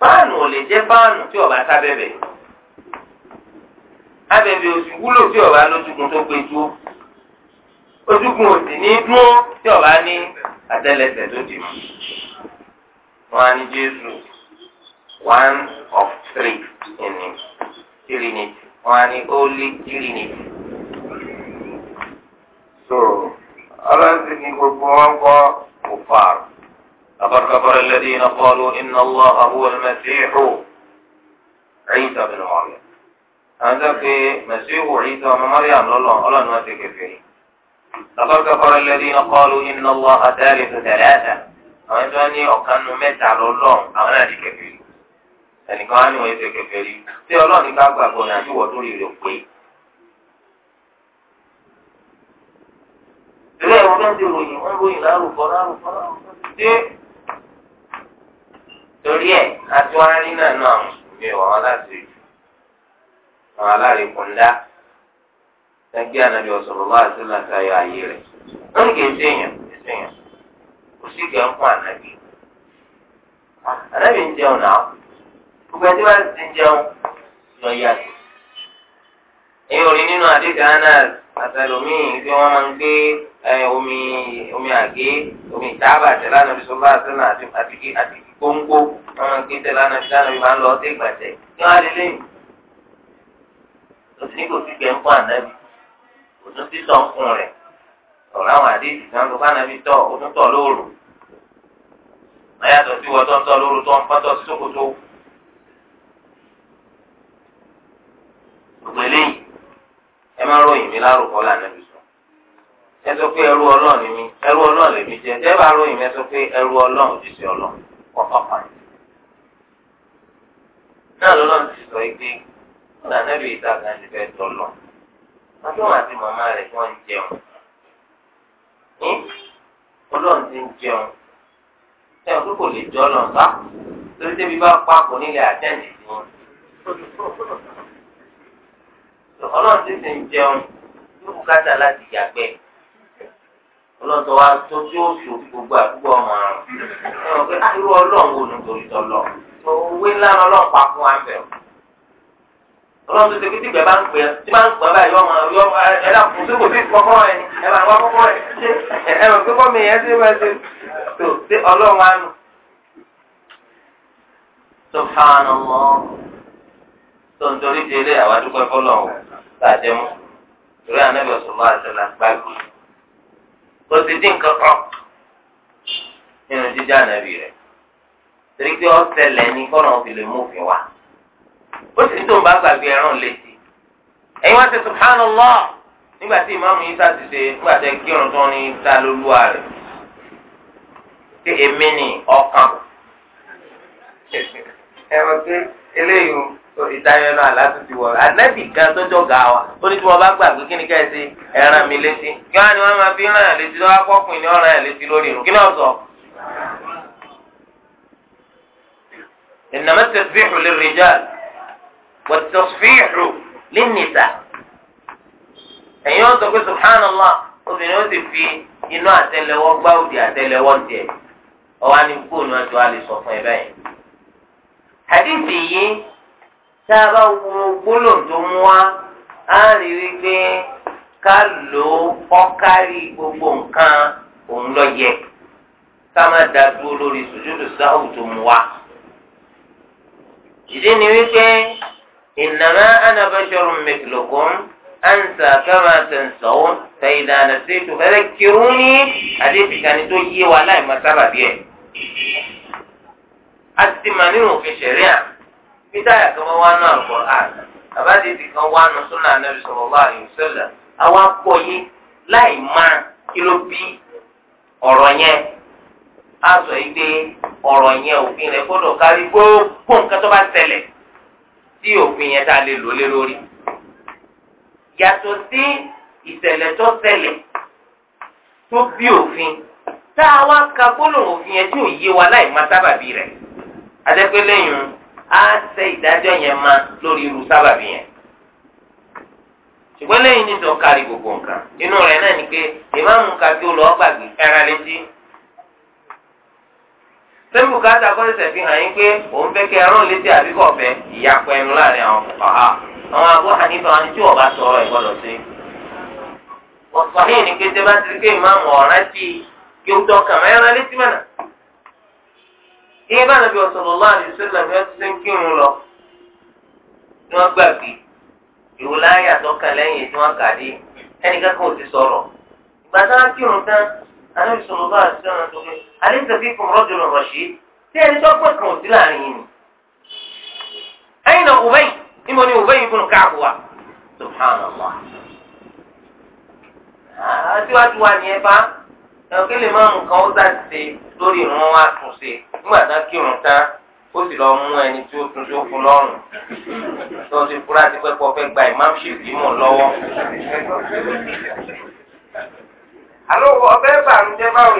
fáànù ò lè jẹ́ fáànù tí ọba sábẹ́bẹ̀ abẹ́bẹ̀ òsì wúlò tí ọba lójúgun tó gbé dúró ojúgun òsì ní dúró tí ọba ní àtẹlẹsẹ̀ tó dì mú. wọ́n á ní Jésù one of three in trinity wọn á ní ó lé kiri ni. so ọlọ́sìn ní gbogbo wọn kọ́ kufar. لقد كفر الذين قالوا إن الله هو المسيح عيسى بن مريم هذا في مسيح عيسى بن مريم الله الله نمسك فيه لقد كفر الذين قالوا إن الله ثالث ثلاثة وأنت أني أكن متع لله أنا كفيل ẹnìkan á ní wọn ṣe kẹfẹ rí tí ọlọ́run ní ká gbàgbọ́ ní àjúwọ̀ tó rí rẹ̀ pé. ìrẹ́ ìwọ náà ti ròyìn ròyìn lárúkọ lárúkọ náà náà mi ò láti ẹgbẹ́ ànábi ọ̀sọ̀rọ̀ bá àti láti ayọ̀ ayé rẹ̀ kì í kì í kò sí gbogbo ẹtí wá ti jẹun lọ yàtọ̀ èyí ò rí nínú àdéhùn anas àtàlùmíì pé wọ́n máa ń gbé omi omi àgé omi ìtaaba àtẹlá nàbí sọlá àtẹlá àti àti gbóngbó wọ́n máa ń gbé tẹlá nàbí sọlá nàbí máa ń lọ ọtí ìgbàjẹ kí wọ́n á lè léyìn òsì ní kò sí gbẹ ń fún ànábì òtún sísọ ń fún rẹ ọ̀rọ̀ àwọn àdéhùn kan ló bá ànábì tọ̀ òtún tọ̀ lóòrùn wọ́n sí wọ́n tó ń tọ̀ lóòrùn tó ń pọ́tọ̀ sókòtò. gbogbo eléyìí ẹ máa ròyìn mi lárúkọ lànàbí sọ ẹ sọ pé ẹrú ọlọ́run ni mi ẹrú ọlọ́run lèmi jẹ ẹ bá ròyìn mi ẹ sọ pé ẹrú ọlọ́run òjíṣẹ́ ọlọ́run pọpọpọ ni. náà lọ́lọ́run ti sọ pé lànàbí ìtàkà ti fẹ́ tọ̀lọ̀ látọ̀wọ̀n àti màmá rẹ̀ wọ́n ń jẹun ọlọ́run ti ń jẹun ẹ̀ ọdún kò lè jọ ọlọ́run bá torí débi bá pa kò nílẹ̀ àtẹ́ǹdì sí wọn ọlọ́run ti sì ń jẹun ní bùkátà láti yàgbẹ́ ọlọ́tọ̀ wa tó tí ó sùn gbogbo àdúgbò ọmọ àrùn ẹ̀rọ pé irú ọlọ́run wò ló torí tọ́lọ̀ òwe ńlá ọlọ́run pa fún wa bẹ̀rù ọlọ́run tó ṣe pé tìgbẹ́ bá ń pè é tí bá ń pè é báyìí ọmọ yọ ẹ dà kù sí kò sí kọ́kọ́ rẹ ni ẹ bá wá kọ́kọ́ rẹ ṣe ẹ rò pé kọ́mi ẹ ṣe máa ṣe tó ṣe ọlọ́run á nù. subhanallah tó ń torí di ilé àwọn adúgbò fọlọ́ ọ̀ tàjẹ́ mú torí anábì ọ̀sọ̀lọ́ àṣẹlá gbàgbé kò sì dín nǹkan kan nínú jíjá ànábì rẹ̀ torí pé ọ̀sẹ̀lẹ̀ ni kọ́nà òfin lè mú òfin wá ó sì tó ń bá gbàgbé ẹran létí ẹ̀yin wá sí subhanallah nígbà tí ìmáàmù yìí sàtìsẹ nígbà tí kírun tó ní ta lóluwà rẹ̀ pé èmi ni ọkàn ẹ mọ̀ pé eléyìí tó ìtayọ náà látúntì wọ anabi kan tó jọ gà wa ó tí wọn bá gbà kí ni kẹsì ẹran mi létí kí wọn ni wọn máa fi ràn yàn létí lọ́wọ́ akọkùnrin ni wọn ràn yàn létí lórí irun kí ni wọn sọ. ìnàmọ́ tẹ̀síhù lè rìjà wọ́n tẹ̀síhù lè nìta ẹ̀yin wọn pé subhanallah obìnrin ó sì fi inú gbá òdì tiẹ̀ kóònù sọ fún báyìí. tá a bá wo gbólóhùn tó mú wa á rí i pé ká lò ó kọ́kárí gbogbo nǹkan òun lọ yẹ ká má da dúró lórí sùjúdù sáhù tó mú wa. ìdí ni wípé innama ana basharun mithlukum ansa kama tansawun fa idha nasitu fadhakkiruni àdéhùn ìkànnì tó yé wa láì má sábàbí ẹ̀. a ti mà nínú òfin ṣẹ̀ríà. bídáyà ya wọ́n wá nù al kan wá nù súnà sallallahu alaihi wasallam àwa kọ yé láì máa kí bi bí ọ̀rọ̀ yẹn sọ yìí pé ọ̀rọ̀ ofin òfin rẹ̀ gbọ́dọ̀ kárí gbogbo nǹkan tó bá tí ta le tá a lori lò si lórí. to sí ìṣẹ̀lẹ̀ tó ṣẹlẹ̀ tó bí ka gbólóhùn òfin yẹn tí ò yé wa láì sábàbí A se ìdájọ́ yẹn ma lórí irú sábàbí yẹn ṣùgbọ́n lẹ́yìn ní sọ̀ọ́ kárí gbogbo nǹkan inú rẹ̀ náà ni pé ìmáàmù ka kí ó lọ gbàgbé létí fi hàn yín pé òun fẹ́ kí ẹran létí àbíkọ̀ fẹ́ ẹnu láàrin àwọn àwọn Hanifa wọn tí bá sọ̀rọ̀ ẹ̀ gbọ́dọ̀ sí. ọ̀sán yìí ni bá ti rí ìyẹn bá nàbí sallallahu alaihi wasallam bí wọ́n ti ṣe ń kírun lọ ni wọ́n gbàgbé ìwò láyà tó kàn lẹ́yìn tí wọ́n kà dé ẹnìkan kò ti sọ̀rọ̀ ìgbà tí wọ́n kírun tán anábì sallallahu alaihi wasallam tó ní alaysa fikum rajulun rashid tí ẹni tó pẹ̀ kàn sí láàrin yìí ni. ẹ̀yin náà Ubay níbo ni Ubay ibn Ka'b wà subhanallah. àtiwájú wa ni ẹ bá ẹ̀rọ kí lè máa mú kan ó dà sí lórí ìrún wa tún ṣe nígbà tá a kírun tán ó sì lọ mú ẹni tí ó tún tó fún lọ́rùn tó ti fura ti pẹ́ pọ́ fẹ́ gba ìmáàmùsíp yìí mọ̀ lọ́wọ́. àlọ́ ọbẹ̀ bàrújẹ́ báwo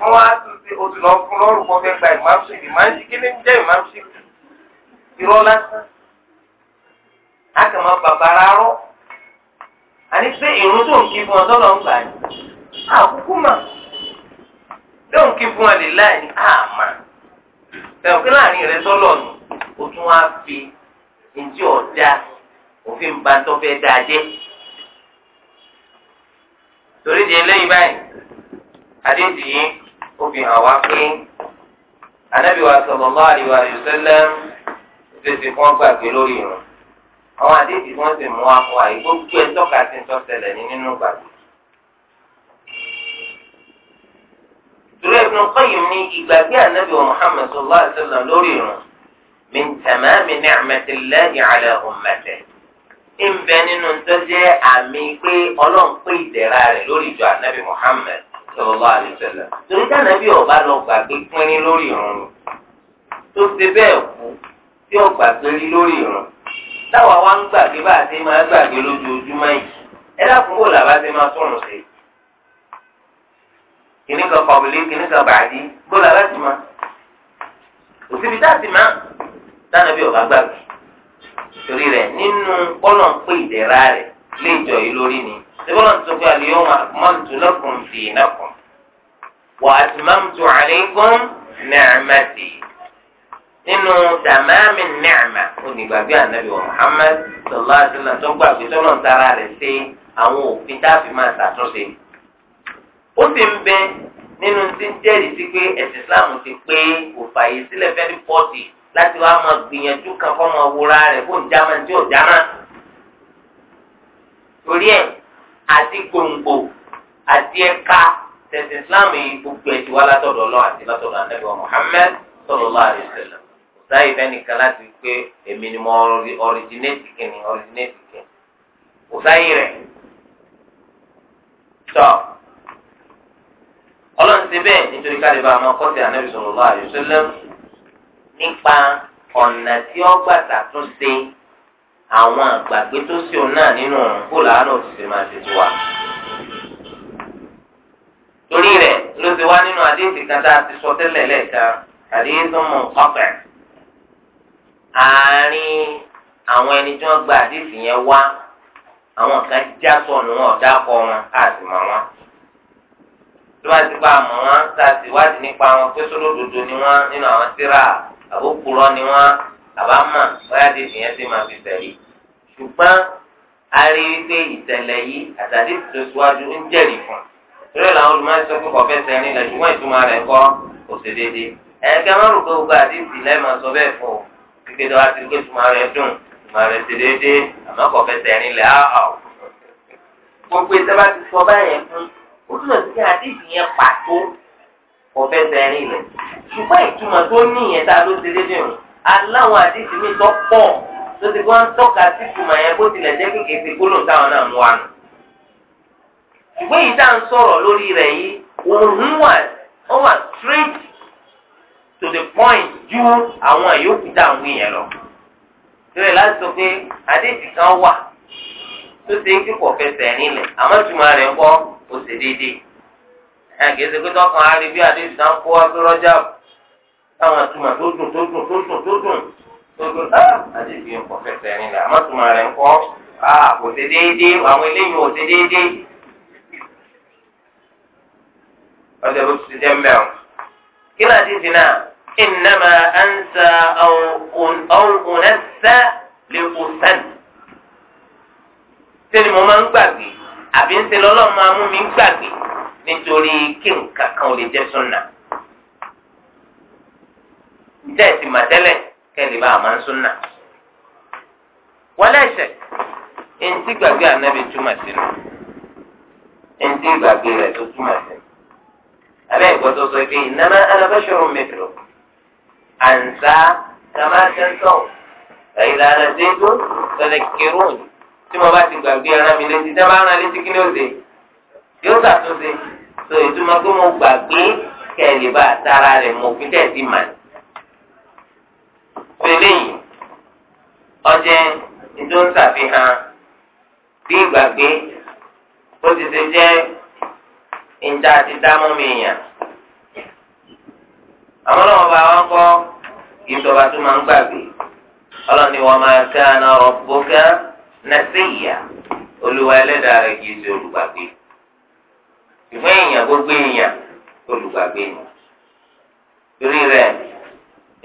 wọ́n wá tún sí oṣù lọ fún lọ́rùn pọ́ fẹ́ gba ìmáàmùsíp ìmáàmùsíp kí ni jẹ́ ìmáàmùsíp irọ́ lásán akama babara rọ àní pé ìrún tó ń kí fún ọ sọ́dọ̀ ń gbà ní àkókò mà lóun kí fún ẹlẹ láì ní àmà fẹ̀rù kí láàrin rẹ sọlọ́ọ̀nù o tún wá fi ntí ọ̀dà òfin bá tó fẹ́ dáa jẹ́ torí di eléyìí báyìí àdéhùn yìí ó fi hàn wá pé anábì wa sallallahu alaihi wa sallam fèsì fún gbàgbé lórí wọn àwọn àdéhùn tí wọ́n sì mú wa fún wa yìí gbogbo ẹ̀ tọ́ka sí ń tọ́ ṣẹlẹ̀ ní nínú gbàgbé. torí Ibn Qayyim ní ìgbàgbé ànábì wa Muhammad sallallahu alayhi wa sallam lórí irun min tamami ni'matillahi ala ummatihi ń bẹ nínú tó jẹ́ àmì pé ọlọ́run pé ìdẹ̀ra rẹ̀ lórí ìjọ ànábì Muhammad sallallahu alayhi wa sallam torí tànábì ọba lọ gbàgbé pínrín lórí irun tó ṣe bẹ́ẹ̀ kú tí ó gbàgbé rí lórí irun táwa wá ń gbàgbé bá a ti máa gbàgbé lójoojúmọ́ yìí ẹ dákun kó làbá ti máa sọ̀rọ̀ sí i kìnnì kan kọ̀ọ̀bìlì kìnnì kan bàdí bóla láti ma òsibí táàtì ma tánàbí ọ̀gá gbàgbé torí rẹ̀ nínú kọ́nà pé ìdẹ̀ra rẹ̀ lè jọ yìí lórí ni ṣébọ́lá ń sọ́kọ́ àlùyọ́ wọn àkùmọ́ntù lọ́kùn sí inákùn wà á ti máa ń tu àlékún nàìmàtì nínú tàmáàmì nàìmà onígbàgbé ànábì wa Muhammad sallallahu alaihi wasallam tó gbàgbé tọ́lọ́ ń tara rẹ̀ sí àwọn òfin tá máa ṣàtúnṣe ó sì ń bẹ nínú tí ń jẹ́rìí sí pé ẹ̀sìn islam ti pé kò fààyè sílẹ̀ fẹ́ẹ́ pọ́ọ̀tì láti wá máa gbìyànjú kan kọ́ máa wúra rẹ̀ kó ń tí ò jámá. torí ẹ̀ àti gbòǹgbò àti ẹ̀ka ẹ̀sìn islam yìí gbogbo ẹ̀ ti wá látọ̀dọ̀ ọlọ́ àti látọ̀dọ̀ ànábì Muhammad sallallahu alaihi wasallam sáyé fẹ́nìkan láti pé èmi ni mo ọ̀rìjìnẹ́tì kìnnì ọ̀rìjìnẹ́tì kìnnì kò sáyé rẹ̀ tọ́ ọlọ́run ti bẹ́ẹ̀ nítorí ká lè bá ọmọ kọ́sì ànábì sallallahu alaihi wasallam nípa ọ̀nà tí ó gbà ṣàtúnṣe àwọn àgbàgbé tó sì òun náà nínú kóòlù àárọ̀ ti ṣe máa ṣe tó wa. torí rẹ̀ ló ti wá nínú àdéhùn kan tá a lẹ́ẹ̀kan àdéhùn munqati' àárín àwọn ẹni tí wọ́n gba àdéhùn yẹn wá àwọn kan já sọ̀nù wọn ọ̀dà kọ wọn àti mọ̀ wọn tó bá ti pa àmọ́ wọn ta sí wádìí nípa wọn pé sólódodo ni wọn nínú àwọn tíra àbókùrọ ni wọn àbámà bóyá di ìyẹn ti máa fi tẹ̀lé ṣùgbọ́n a rí i pé ìtẹ̀lẹ̀ yìí àtàdé tó síwájú ń jẹ́rìí fún un eré làwọn olùmọ̀ọ́sọ pé kọ̀ọ̀fẹ́ sẹ́ni lẹ̀ ṣùgbọ́n ìtumọ̀ rẹ̀ kọ́ kò ṣe déédéé ẹ̀ẹ́dẹ́ má rò pé gbogbo àdéhùn lẹ́ẹ̀mọ sọ bẹ́ẹ̀ fún o kíkẹ́ tó wá ti pé ìtumọ̀ rẹ̀ dùn ìtumọ̀ rẹ̀ ṣe déédéé àmọ́ kọ̀ọ̀fẹ́ sẹ́ni lẹ̀ áhà gbogbo ìtẹ́ bá ti sọ báyẹn fún ó túnbọ̀ sí àdéhùn yẹn pàtó ọ̀fẹ́ sẹ́rin rẹ̀ ṣùgbọ́n ìtumọ̀ tó ní ìyẹn a ló ti lédè rùn aláwọn àdéhùn mi tó pọ̀ tó ti wọ́n ń tọ́ka sí ìtumọ̀ yẹn bó tilẹ̀ jẹ́ kékeré ti gbólóhùn táwọn náà mú wa nù. ṣùgbọ́n èyí tá à ń sọ̀rọ̀ lórí rẹ̀ yìí òun wà ó wà straight to the point ju àwọn àyókù tá à ń wí yẹn lọ. ìrẹ̀ láti sọ pé àdéhùn kan wà tó ti ń kíkọ̀ fẹsẹ̀ rìn lẹ̀ àmọ́ ìtumọ̀ ó ṣe déédéé ẹ kìí ṣe pé tọkàn á rí bí àdéhùn náà kó wá pé rọjà táwọn túmọ̀ tó dùn tó dùn tó dùn tó dùn tó dùn á ah! àdéhùn yìí ń pọ̀ fẹsẹ̀ nílẹ̀ àmọ́ túmọ̀ rẹ̀ ń kọ́ ah, kò ṣe déédéé àwọn eléyìí ò ṣe déédéé. ọjọ́ bó ti jẹ́ mẹ́rin kí ló àdéhùn náà ìnáma ansa ọ̀hún ẹ̀sẹ̀ lè kó sẹ́ni. sẹ́ni mo máa ń gbàgbé àbí ń ṣe lọ́lọ́run máa mú mi gbàgbé nítorí kí nǹkan kan ò lè jẹ́ súnà. ǹjẹ́ ẹ̀sìn màtẹ́lẹ̀ kẹ́lẹ́ bá a máa ń súnà. wọlé ẹ̀sẹ̀ ẹ̀ǹtí gbàgbé ànábì túmọ̀ sí mi ẹ̀ǹtí gbàgbé rẹ̀ tó túmọ̀ sí mi. abẹ́ ẹ̀kọ́ tó sọ pé innama ana basharun mithlukum ansa kama tansaw fa idha nasitu fadhakkiruni tí mo bá ti gbàgbé ẹran mi létí tẹ́ bá rán létí kí ni ó ṣe yóò ṣàtúnṣe tó ìtumọ̀ pé mo gbàgbé kẹ̀lé bá tara rẹ̀ mo fi tẹ̀sí mà. Fèlè yìí ọjẹ́ ìjọ ń ṣàfihàn bí ìgbàgbé ó ti ṣe jẹ́ ìjà àti dámú mi yàn. Àwọn ọlọ́run wọn kọ́ ìṣọba tó máa ń gbàgbé. Ọlọ́run ni máa ká náà rọ̀ nàṣẹ́yà olúwa ẹlẹ́dàá rẹ̀ kì í ṣe olùgbàgbé ìfún èèyàn gbogbo èèyàn olùgbàgbé ni torí rẹ̀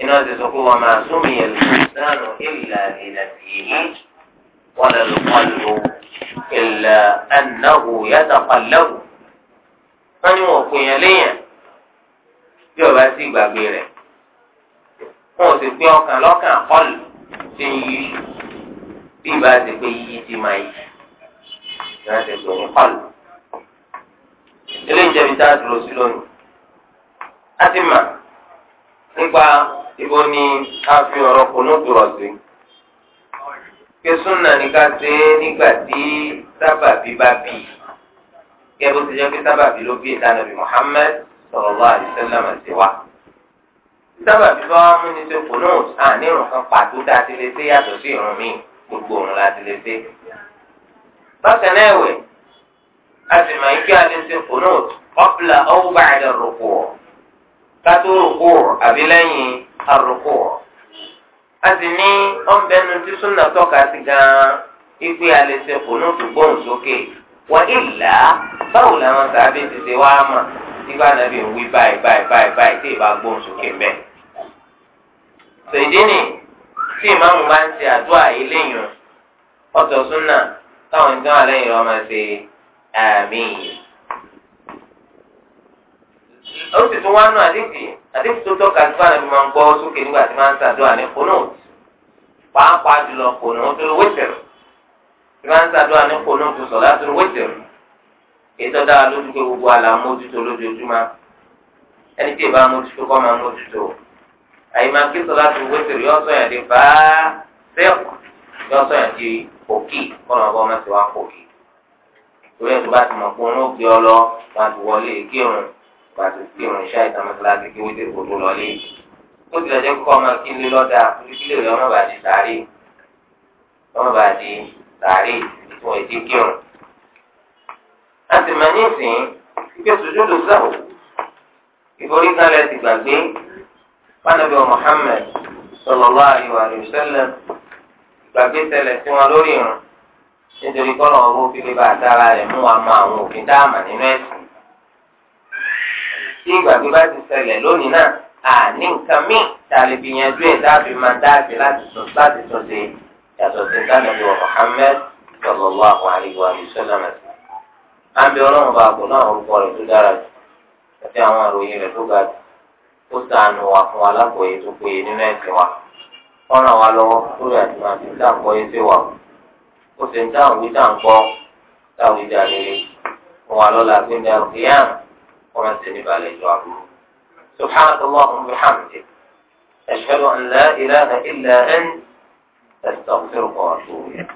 iná ti sọ pé wọn máa súnmi ẹlòmíràn ìlà ìlàsìyí wọn lè lọ́kàn lò ìlà ẹnáwó yàtàkàlẹ́wò wọn ni wọn kò yàn léèyàn bí ọba sí ìgbàgbé rẹ̀ wọn ò sì pé ọkàn lọ́kàn kọlù sí yíyí bí ìbá ti pé yíyí ti máa yí ìbá ti pè ní pàlù. eléyìí jẹ́bi tá a dúró sí lónìí. a ti mà nípa ibo ni a fi ọ̀rọ̀ kùnú dùrọ̀ sí. pé súnà ní ká ṣe é nígbà tí sábàbí bá bì í. kẹ́ bó ti jẹ́ pé sábàbí ló bí ìdánilẹ́bí Muhammad sallallahu alaihi wasallam ti wá sábàbí bá wà mú ní sẹ́kù náà àníràn kan pàtó dáadéle sí yàtọ̀ sí ìrùn míì gbogbo òun la ti lè dé. bákan náà ẹ̀wẹ̀ a sì máa ń kí a lè ṣe kùnúùtù qabla aw ba'da ar-ruku' kátó rùkú' àbí lẹ́yìn ar-ruku' a sì ní ọ̀nbẹ́nu tí súnà tọ́ka sí gan-an ipe a lè ṣe kùnúùtù sókè wọ́n ìlà báwo làwọn sàábé ti ṣe wá mà nígbà náà bí wí báyìí báyìí báyìí tí ì bá gbóhùn sókè mẹ́. sèdínì tí ìmáàmù bá ń ṣe àdúrà eléyìn ọ̀tọ̀ súnà táwọn ìjọ àlẹ́yìn ọmọ ṣe àmín. ó sì tún wá nù àdéhùn àdéhùn tó tọ́ka sí fáwọn ẹbí máa ń gbọ́ sókè nígbà tí máa ń ṣàdúrà ní kónóòtù pàápàá jùlọ kónóòtù wẹ́tẹ̀rù tí máa ń ṣàdúrà ní kónóòtù sọ̀lá tó wẹ́tẹ̀rù ètò dára lójú pé gbogbo àlà mójútó lójoojúmọ́ ẹni tí ì bá mójútó kọ́ máa mójútó àyìnbá kí sọlá tó wéṣèrè yọ sọ yàn di bá sẹ́kù yọ sọ yàn di òkì kọ́nà ọba ọmọ ti wá kòkì torí ẹ̀sùn bá ti mọ̀ pé òun ó gbé ọ lọ wá ti wọlé kírun wá ti kírun iṣẹ́ ìtàmọ́sálásí kí wéṣèrè kò tó lọlé ó ti lọ́jọ́ kọ́ ọmọ kí n lé lọ́dà torí kí lè ọmọ bàjẹ́ sáré ọmọ bàjẹ́ sáré ìtumọ̀ ìdí kírun. láti mọ̀ ní ìsìn ìgbésùn ìdúró fanabi wa muhammed sallallahu alayhi wa sallam gbàgbé ṣẹlẹ̀ sí wọn lórí irun nítorí kọlọ ọ̀rọ̀ fífi bá àtàrà rẹ̀ mú wa mọ àwọn òfin tá a mà nínú ẹ̀sìn tí ìgbàgbé bá ti ṣẹlẹ̀ lónìí náà àní nǹkan míì tá a lè fi yanjú ẹ̀ dábì máa dáàbì láti sùn láti sùn sí yàtọ̀ sí fanabi wa muhammed sallallahu alayhi wa sallam àbí ọlọ́run bá a kò náà orúkọ rẹ̀ tó dára jù àti àwọn àròyìn rẹ̀ tó ga jù ó sànù wà fún alákòóyè tó péye nínú ẹ̀sìn wa wọ́n ràn wá lọ́wọ́ lórí àti máa fi dá àkọ́yé sí wa ó sì ń dáhùn wí dáhùn kọ́ táwọn ìdá rere fún wa lọ́la pé ní àrùkíyàn wọ́n máa ń tẹ̀lé balẹ̀ ìjọ àbúrò. سبحانك اللهم وبحمدك أشهد أن لا إله إلا أنت أستغفرك وأتوب إليك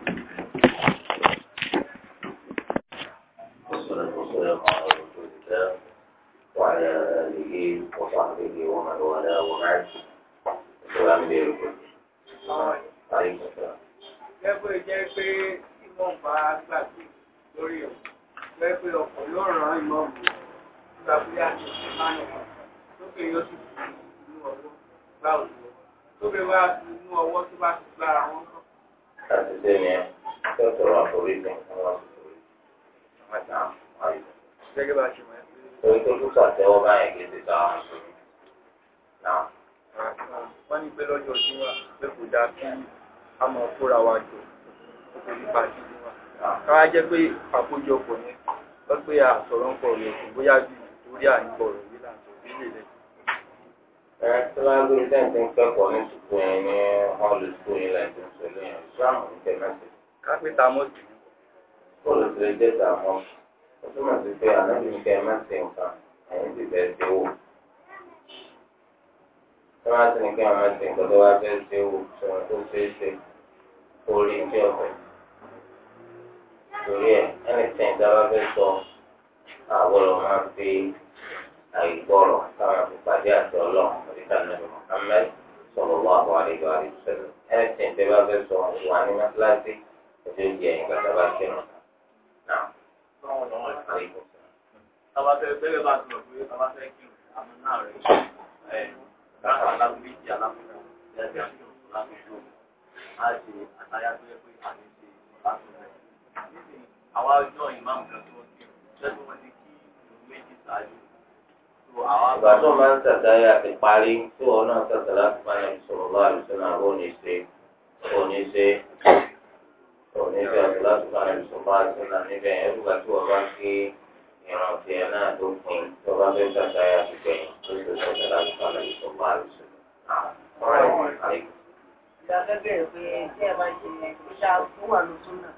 jẹ́ pé àkójọpọ̀ yẹn wọ́n pé àsọ̀rọ̀ ń pọ̀rọ̀ òkú bóyá bí lórí àìpọ̀rọ̀ yìí láti orílẹ̀ rẹ̀. ẹ tí wàá ló ń tẹ̀sí ń kẹ́kọ̀ọ́ ní sùkúù yẹn ní họ́ọ̀lù sùkúù yẹn láti ń sọ lẹ́yìn ìṣáà ń tẹ̀ mẹ́sì. kápẹ́tà mọ́tì. bọ́ọ̀lù ti lè jẹ́ tààmọ́ ó túmọ̀ sí pé ànábì ń kẹ́ mẹ́sì nǹkan ẹ̀yìn ti bẹ́ẹ̀ ṣe torí ẹ ẹnìkan ìdáwà fẹ́ sọ àwòrán máa fi àìgbọràn táwọn àfipàdé àti ọlọ́run àdìgbà nàbẹ Muhammad sọlọ wà wà àdìgbà àdìgbà sẹlẹ ẹnìkan ìdáwà fẹ́ sọ wà ní mẹsàlásì ọjọ́ ìdí ẹ̀yìn gbàgbà bá ṣe nù. Tabafẹ́ àwa ọjọ́ ìmáàmù kan tó ń kí lẹ́nu wọn ti kí ìlú méjì ṣáájú. Ìgbà tó máa ń tàtàyà àti parí tí wọn náà tàtàlá fún àyà ìṣòro bá àlùsọ́nà bó ní ṣe bó ní ṣe bó ní ṣe àtàlá fún àyà ìṣòro bá àlùsọ́nà níbẹ̀ ẹ̀rù gbà tí wọn bá kí ìrántí náà tó pin tó bá fẹ́ tàtàyà àti gbẹ̀yìn tó ṣe tàtàlá fún àyà ìṣòro bá àlùsọ́nà. bẹ̀rẹ̀ pé tí ẹ bá ṣe ìṣàkóso àlùsọ́nà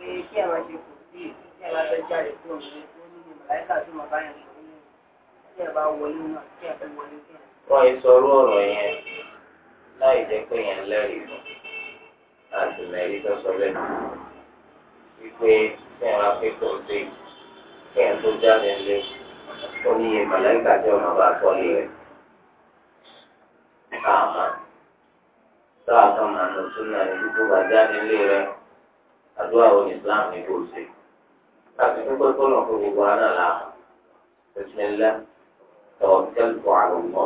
pé kí ẹ̀ máa ṣe kò sí kí ẹ̀ máa fẹ́ jáde tó ń lé tó nínú màláìka tó máa bá yẹn sọ nínú kí ẹ̀ bá wọlé náà kí ẹ̀ fẹ́ wọlé kí ẹ̀. wọ́n yìí sọ orú ọ̀rọ̀ yẹn láì jẹ́ pé yẹn lẹ́rìí fún láti mẹ́rí tó sọ bẹ́ẹ̀ wípé kí ẹ̀ máa fẹ́ kò sí kí ẹ̀ tó jáde lé ó ní iye màláìka tó máa bá tọ́ lé rẹ̀ káàmá tó àtọ́ màá lọ sínú àdúgbò bàjáde lé rẹ̀. àdúrà wọn ni Islam ní kò ṣe àti pípẹ́ tó lọ fún gbogbo àná làwọn bisimilá tọ̀wọ̀tẹ́lì fún wọn fún àlùmọ́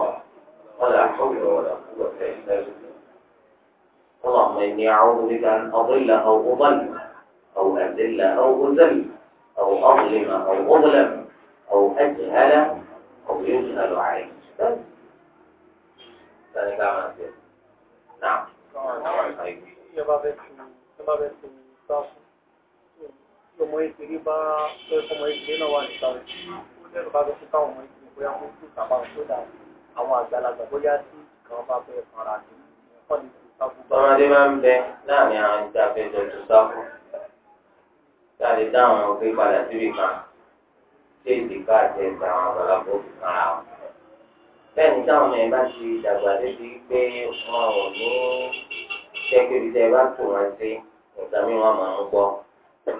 wọlé àkọ́wé wọlé àkọ́wé tẹ̀lé اللهم إني أعوذ بك أن أضل أو أضل أو أذل أو أذل أو أظلم أو أظلم أو أجهل أو يجهل علي بس ذلك عمل نعم. نعم. نعم. نعم. نعم. نعم. نعم. sá fún tí ọmọ ìpèrè bá fẹ́ fọmọ ìpèrè náà wà níta rẹ̀ ó lẹ́nu bá fẹ́ fún káwọn ọmọ ìpèrè bóyá wọ́n tún tàbá tó dà àwọn àgbàlagbà bóyá tí kan bá fẹ́ fara ní ẹ̀kọ́ ní ìsá fún. ọmọdé máa ń bẹ láàrin àwọn ìjà fẹjọ tó sá fún tá a lè dá àwọn òfin padà síbi kan ṣé ìdíkà àti ẹ̀sà àwọn àgbàlagbà ó fi kan ara wọn bẹ́ẹ̀ni táwọn ọmọ yẹn bá ti dàgbà débi pé wọn ò ní jẹ́ pé ẹ bá tò wọn sí nǹkan mi wọn máa ń gbọ́ tó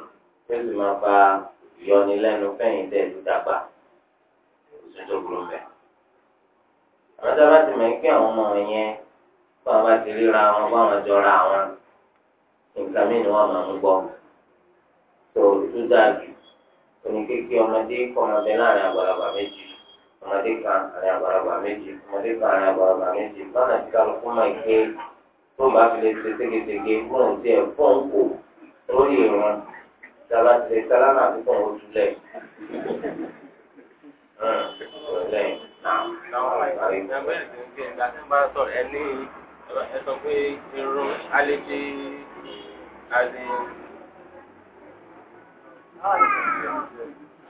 sì máa fa ìyọni lẹ́nu fẹ̀yìn tẹ̀ ló dàgbà oṣù tó burú mẹ́. àwọn tí a bá ti mọ̀ pé àwọn ọmọ yẹn bá wọn bá ti ríra wọn bá wọn jọra wọn nǹkan mi ni wọn máa ń gbọ́ tó oníkékeré ọmọdé ọmọdé láàrin àgbàlagbà méjì ọmọdé kan àgbàlagbà méjì ọmọdé kan tó máa fi lè ṣe ségesège fóun tiẹ̀ fóun kò lórí ìran sábà tilẹ̀ sálámà tó fóun oṣù lẹ̀. Hmm, ẹni ẹ sọ pé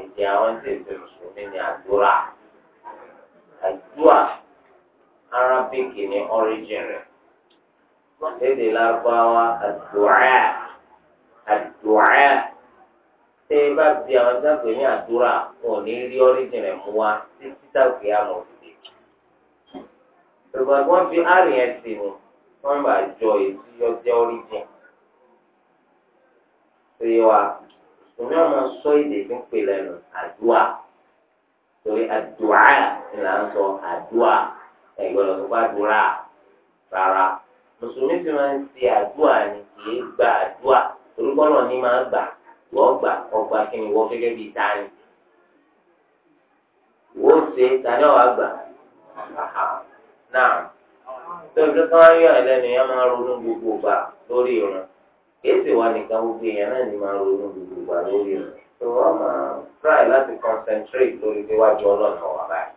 ẹ̀jẹ̀ àwọn tí èsì mùsùlùmí ni àdúrà àdúrà Arabic ní origin rẹ̀ lédè lárúbáwá àdúrà àdúrà tẹ ẹ bá bi àwọn sáfẹ ní àdúrà wọn ò ní rí origin rẹ̀ mú wa títí sáfẹ àmọ́ òfìdè ìgbà tí wọn fi àrìn ẹsẹ ni wọn bá jọ èsì ọjọ́ origin ṣé wa. òun náà máa sọ èdè tó ń pè lẹ́nu àdúà torí àdúà ni là ń sọ àdúà ẹ̀gbọ́n lọ rárá mùsùlùmí máa ń àdúà ni kì í gba àdúà orúkọ náà máa gbà wọ́n gbà ọgbà kí ni wọ́n bíi wọ́n ṣe tani ọ̀wá gbà náà tó ìdúkọ́ yẹn máa ronú gbogbo gbà lórí kéésì wa nìkan gbogbo èèyàn náà ni máa ronú gbogbo ìgbà lórí rẹ̀ tó wọ́n máa try láti concentrate lórí pé wájú ọlọ́nà wà báyìí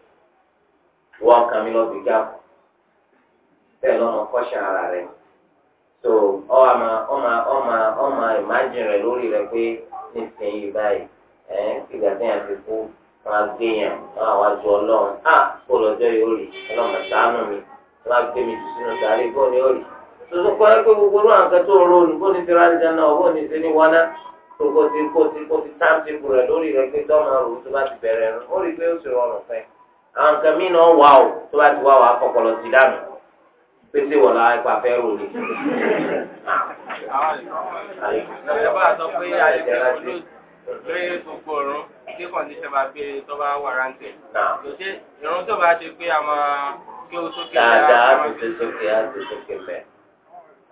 wọ́n kàn mí lọ́bi jáàpù bẹ́ẹ̀ lọ́mọ kọ́ṣẹ́ ara rẹ̀ so ọmọ ọmọ ọmọ ọmọ ìmájìn rẹ̀ lórí rẹ̀ pé nísìnyí báyìí ẹ̀ ń fìgbà tí yàn ti kú máa gbé yàn máa wájú ọlọ́run ah! á kó lọ́jọ́ yóò rí ọlọ́mọ sàánù mi máa gbé mi jù sínú sàárè bọ́ọ̀ ni yóò rí tuntun kọ́ ẹ pé gbogbo ní àǹkà tó rọ olùkó ní tìrọ àdìjà náà owó ní ti ní wọná gbogbo ti kó ti kó ti tá ti bù rẹ lórí rẹ pé tọ́ máa rò ó tó bá ti bẹ̀rẹ̀ rẹ ó rí i pé ó sì rọrùn fẹ́ àwọn nǹkan míì náà wà ó tó bá ti wà wà kọ̀kọ̀lọ̀ ti dànù pété wọ̀ la ipa fẹ́ rò ní. ìjọba sọ pé àyẹ̀wò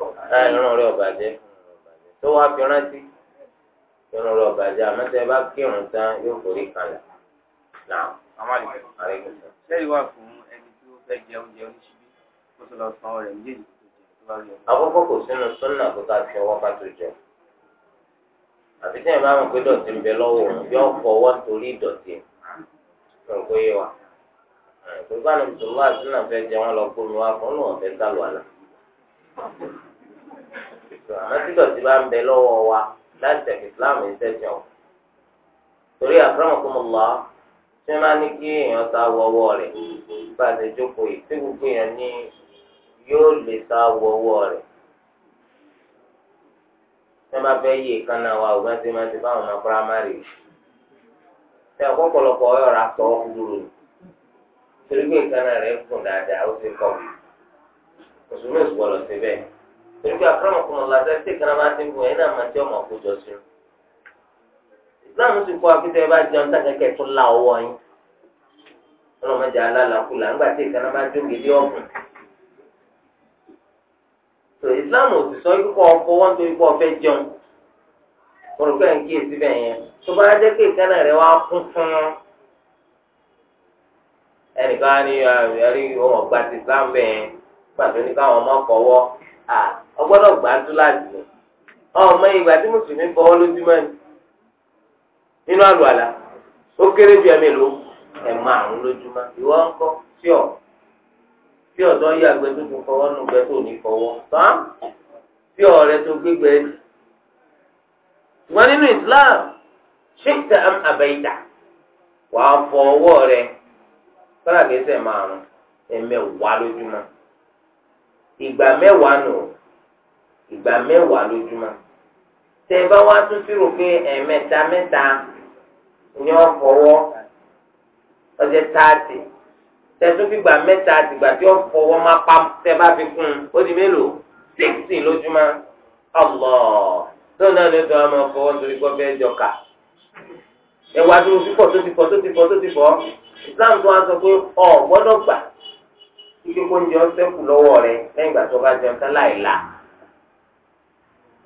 láì ah, ràn rẹ ọ̀bàjẹ́ tó wá fi rántí ìrùn rẹ ọ̀bàjẹ́ àmọ́ tẹ́ bá kírun tán yóò forí kalẹ̀ náà. àwọn àlejò sẹ́yìn wà fún ẹni tí ó fẹ́ jẹ oúnjẹ oníṣíbí kó tó lọ san ọrẹ méjèèjì tó bá rí ọmọ. àkọ́kọ́ kò sínú súnà kó ká fi ọwọ́ ká tó jẹ àti tí ẹ bá mọ̀ pé dọ̀tí ń bẹ lọ́wọ́ òun yóò fọwọ́ torí dọ̀tí rẹ̀ pé yé wa gbogbo àná bùtùmọ́ àti náà wọn lọ kó nu wa fún un lọ́wọ́ fẹ́ sálọ àlà àmọ́ tí dọ̀tí bá ń bẹ lọ́wọ́ wa láti tẹ̀kí islam ń tẹ̀sán o torí akramakumullah tí wọ́n bá ní kí èèyàn ta wọ́wọ́ rẹ̀ bá a ti jókòó yìí tí gbogbo èèyàn ní yóò lè ta wọ́wọ́ rẹ̀ tí wọ́n bá fẹ́ yí ìkànnà wa ògbọ́n tí wọ́n ti báwọn ọmọ pírámàrì tí ọ̀pọ̀lọpọ̀ ọ̀yọ̀ra tọ́ dúró ni torí pé ìkànnà rẹ̀ gùn dáadáa ó ti kọ̀ mùsùlùmí ò sì síbẹ̀ torí pé akọ́nàkùnrin làtà tí kan máa ti ń bọ̀ yẹn náà máa jẹ́ ọmọ àkójọ sí i. islam ti kọ́ akíntẹ́ bá jẹun tàkẹ́kẹ́ tún la ọwọ́ yín ọlọ́mọdé alálàkúlà ńgbà tí kan máa jókè dé ọ̀gùn. tó islam ò sì sọ kíkọ́ ọkọ̀ wọ́n torí pé ọ̀fẹ́ jẹun orúkọ yẹn kí èsì bẹ́ẹ̀ yẹn tó bá jẹ́ pé ìkànnà rẹ̀ wá kún fún ẹnìkan ní ah, ẹ̀rí ọ̀gbà ti islam bẹ́ẹ̀ pàtó ní káwọn ọmọ ọ gbàdú láti lọ ọmọ ìgbà tí mùsùlùmí fọwọ́ lójúmọ́ ni nínú àlùwàlà ó kéré ju ẹ̀mí ló àrùn lójúmọ́ ìwọ ń tí ọ tí ọ̀dọ́ yí àgbẹ̀ tó fọwọ́ nù gbẹ tó ní fọwọ́ tán tí tó nínú Islam wà á fọ rẹ ìgbà ìgbà mẹ́wàá lójúmọ́ tẹ́ ẹ bá wá tún sírò pé ẹ̀ẹ̀mẹ́ta mẹ́ta ni wọ́n fọwọ́ ọjọ́ táàtì tẹ̀sùn fìgbà mẹ́ta àtìgbà tí wọ́n fọwọ́ máa pa tẹ́ bá fi kún un ó di mélòó sixty lójúmọ́ ọlọ́ tóun náà ló dán ọmọ fọwọ́ nítorí pé ọbẹ̀ ẹjọ́ kà ẹwà tó ti pọ̀ tó ti pọ̀ tó ti pọ̀ tó ti pọ̀ Islam tó wá sọ pé ọ̀ gbọ́dọ̀ gbà kíkó oúnjẹ ọ̀sẹ̀ kù lọ́wọ́ rẹ lẹ́yìn ìgbà tó bá jẹun tán láìla.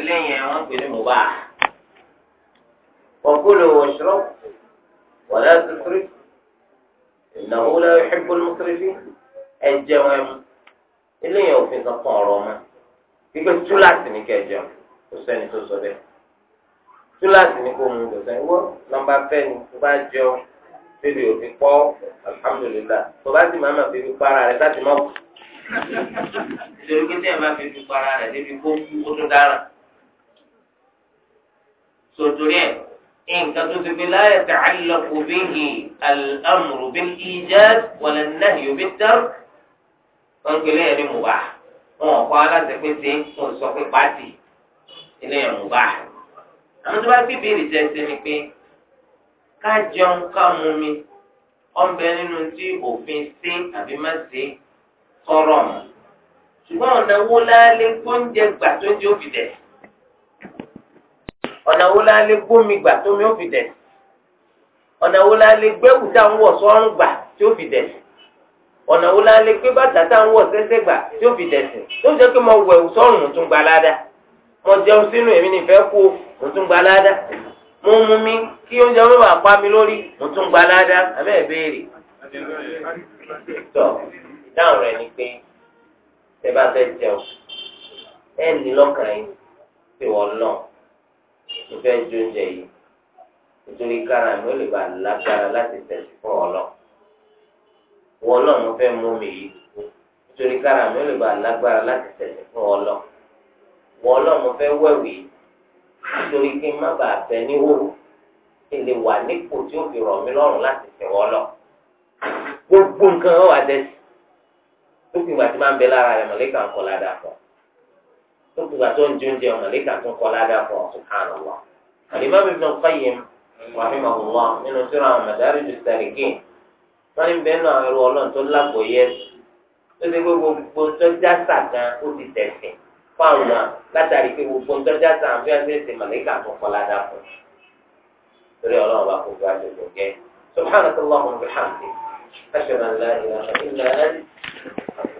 eléyìí àwọn pè ní mùbá ọkùnrin wò ṣọrọ wàlá tuntun ìnáwó lẹ́yìn ìṣẹ́gun mùsùlùmí ẹ jẹun ẹmu eléyìí òfin kankan ọ̀rọ̀ ọmọ gbígbé túláàsì ní kẹjọ kò sẹ́ni tó sọ bẹ́ẹ̀ túláàsì ní kò mú kò sẹ́ni wọ́n nọ́mbà fẹ́ni tó bá jẹun bébí òfin pọ́ alhamdulillah tó bá sì máa ma bébí para rẹ̀ láti má kù. ìṣòro kí sẹ́yìn bá bébí para rẹ̀ débi kó kó tó dára sotori ẹ e, nǹkan tó ti fi la yata'allaqu bihi al-amru bil-ijaz wal-nahyu bit-tark wọn gbélé ẹni mùbá wọn ò kọ́ aláṣẹ pété wọn sọ pé pàtì ilé ẹ̀ mùbá àwọn tó bá fi béèrè jẹsẹ ni pé ká jẹun ká mi ọ̀nbẹ nínú tí òfin ṣe àbí má ṣe sọ̀rọ̀ mọ́ ṣùgbọ́n ọ̀nà wo la lè gbóúnjẹ gbà tó ń jẹ́ òbí dẹ̀ ọ̀nà wo la lè gbómi gbà tómi ó fi dẹ̀sí ọ̀nà wo la lè gbẹ́wù tá à ń wọ̀ sọ́rùn gbà tí ó fi dẹ̀sí ọ̀nà wo la lè gbé bàtà tá à ń wọ̀ sẹ́sẹ́ gbà tí ó fi dẹ̀sí tó jẹ́ pé mo wẹ̀ wù sọ́rùn mo tún gba aláda mo jẹun sínú èmi nìfẹ́ kú mo tún gba aláda mo mú mi kí oúnjẹ mi wà pa mi lórí mo tún gba aláda abẹ́ ẹ̀ béèrè tọ́ dáhùn rẹ̀ ni pé tẹ bá fẹ́ jẹun ẹ̀ ní lọ́kàn yín pé wọ́n náà mo fẹ́ jó oúnjẹ yìí nítorí kára mi ó lè bá lágbára láti tẹ̀sí fún ọ lọ wọn náà mo fẹ́ mú mi yìí nítorí kára mi ó lè bá lágbára láti tẹ̀sí fún ọ lọ wọn náà mo fẹ́ wẹ̀wì nítorí kí n má bàa bẹ níhòòhò kí n lè wà nípò tí ó fi rọ̀ mí lọ́rùn láti tẹ̀ wọ́n lọ gbogbo nǹkan ó wà dẹ́sí ó sì gbà tí máa ń bẹ lára rẹ̀ mọ̀lẹ́kà ń kọ́ ládàá fún ó gbùgbà tó ń jẹ oúnjẹ màlàíkà tó ń kọ́ ládàá fún ọ̀sùn kan lọ́wọ́. Al-Imam Ibn Qayyim rahimahullah nínú sura Madarij as-Salikin wọ́n ní bẹ́ẹ̀ náà ẹrú ọlọ́run tó lágbòóyè tó ti pé gbogbo tó jásà ó ti tẹ̀sìn fáwọn látàrí pé gbogbo tó jásà àfi àṣẹṣe màlàíkà tó kọ́ ládàá fún torí ọlọ́run bá kó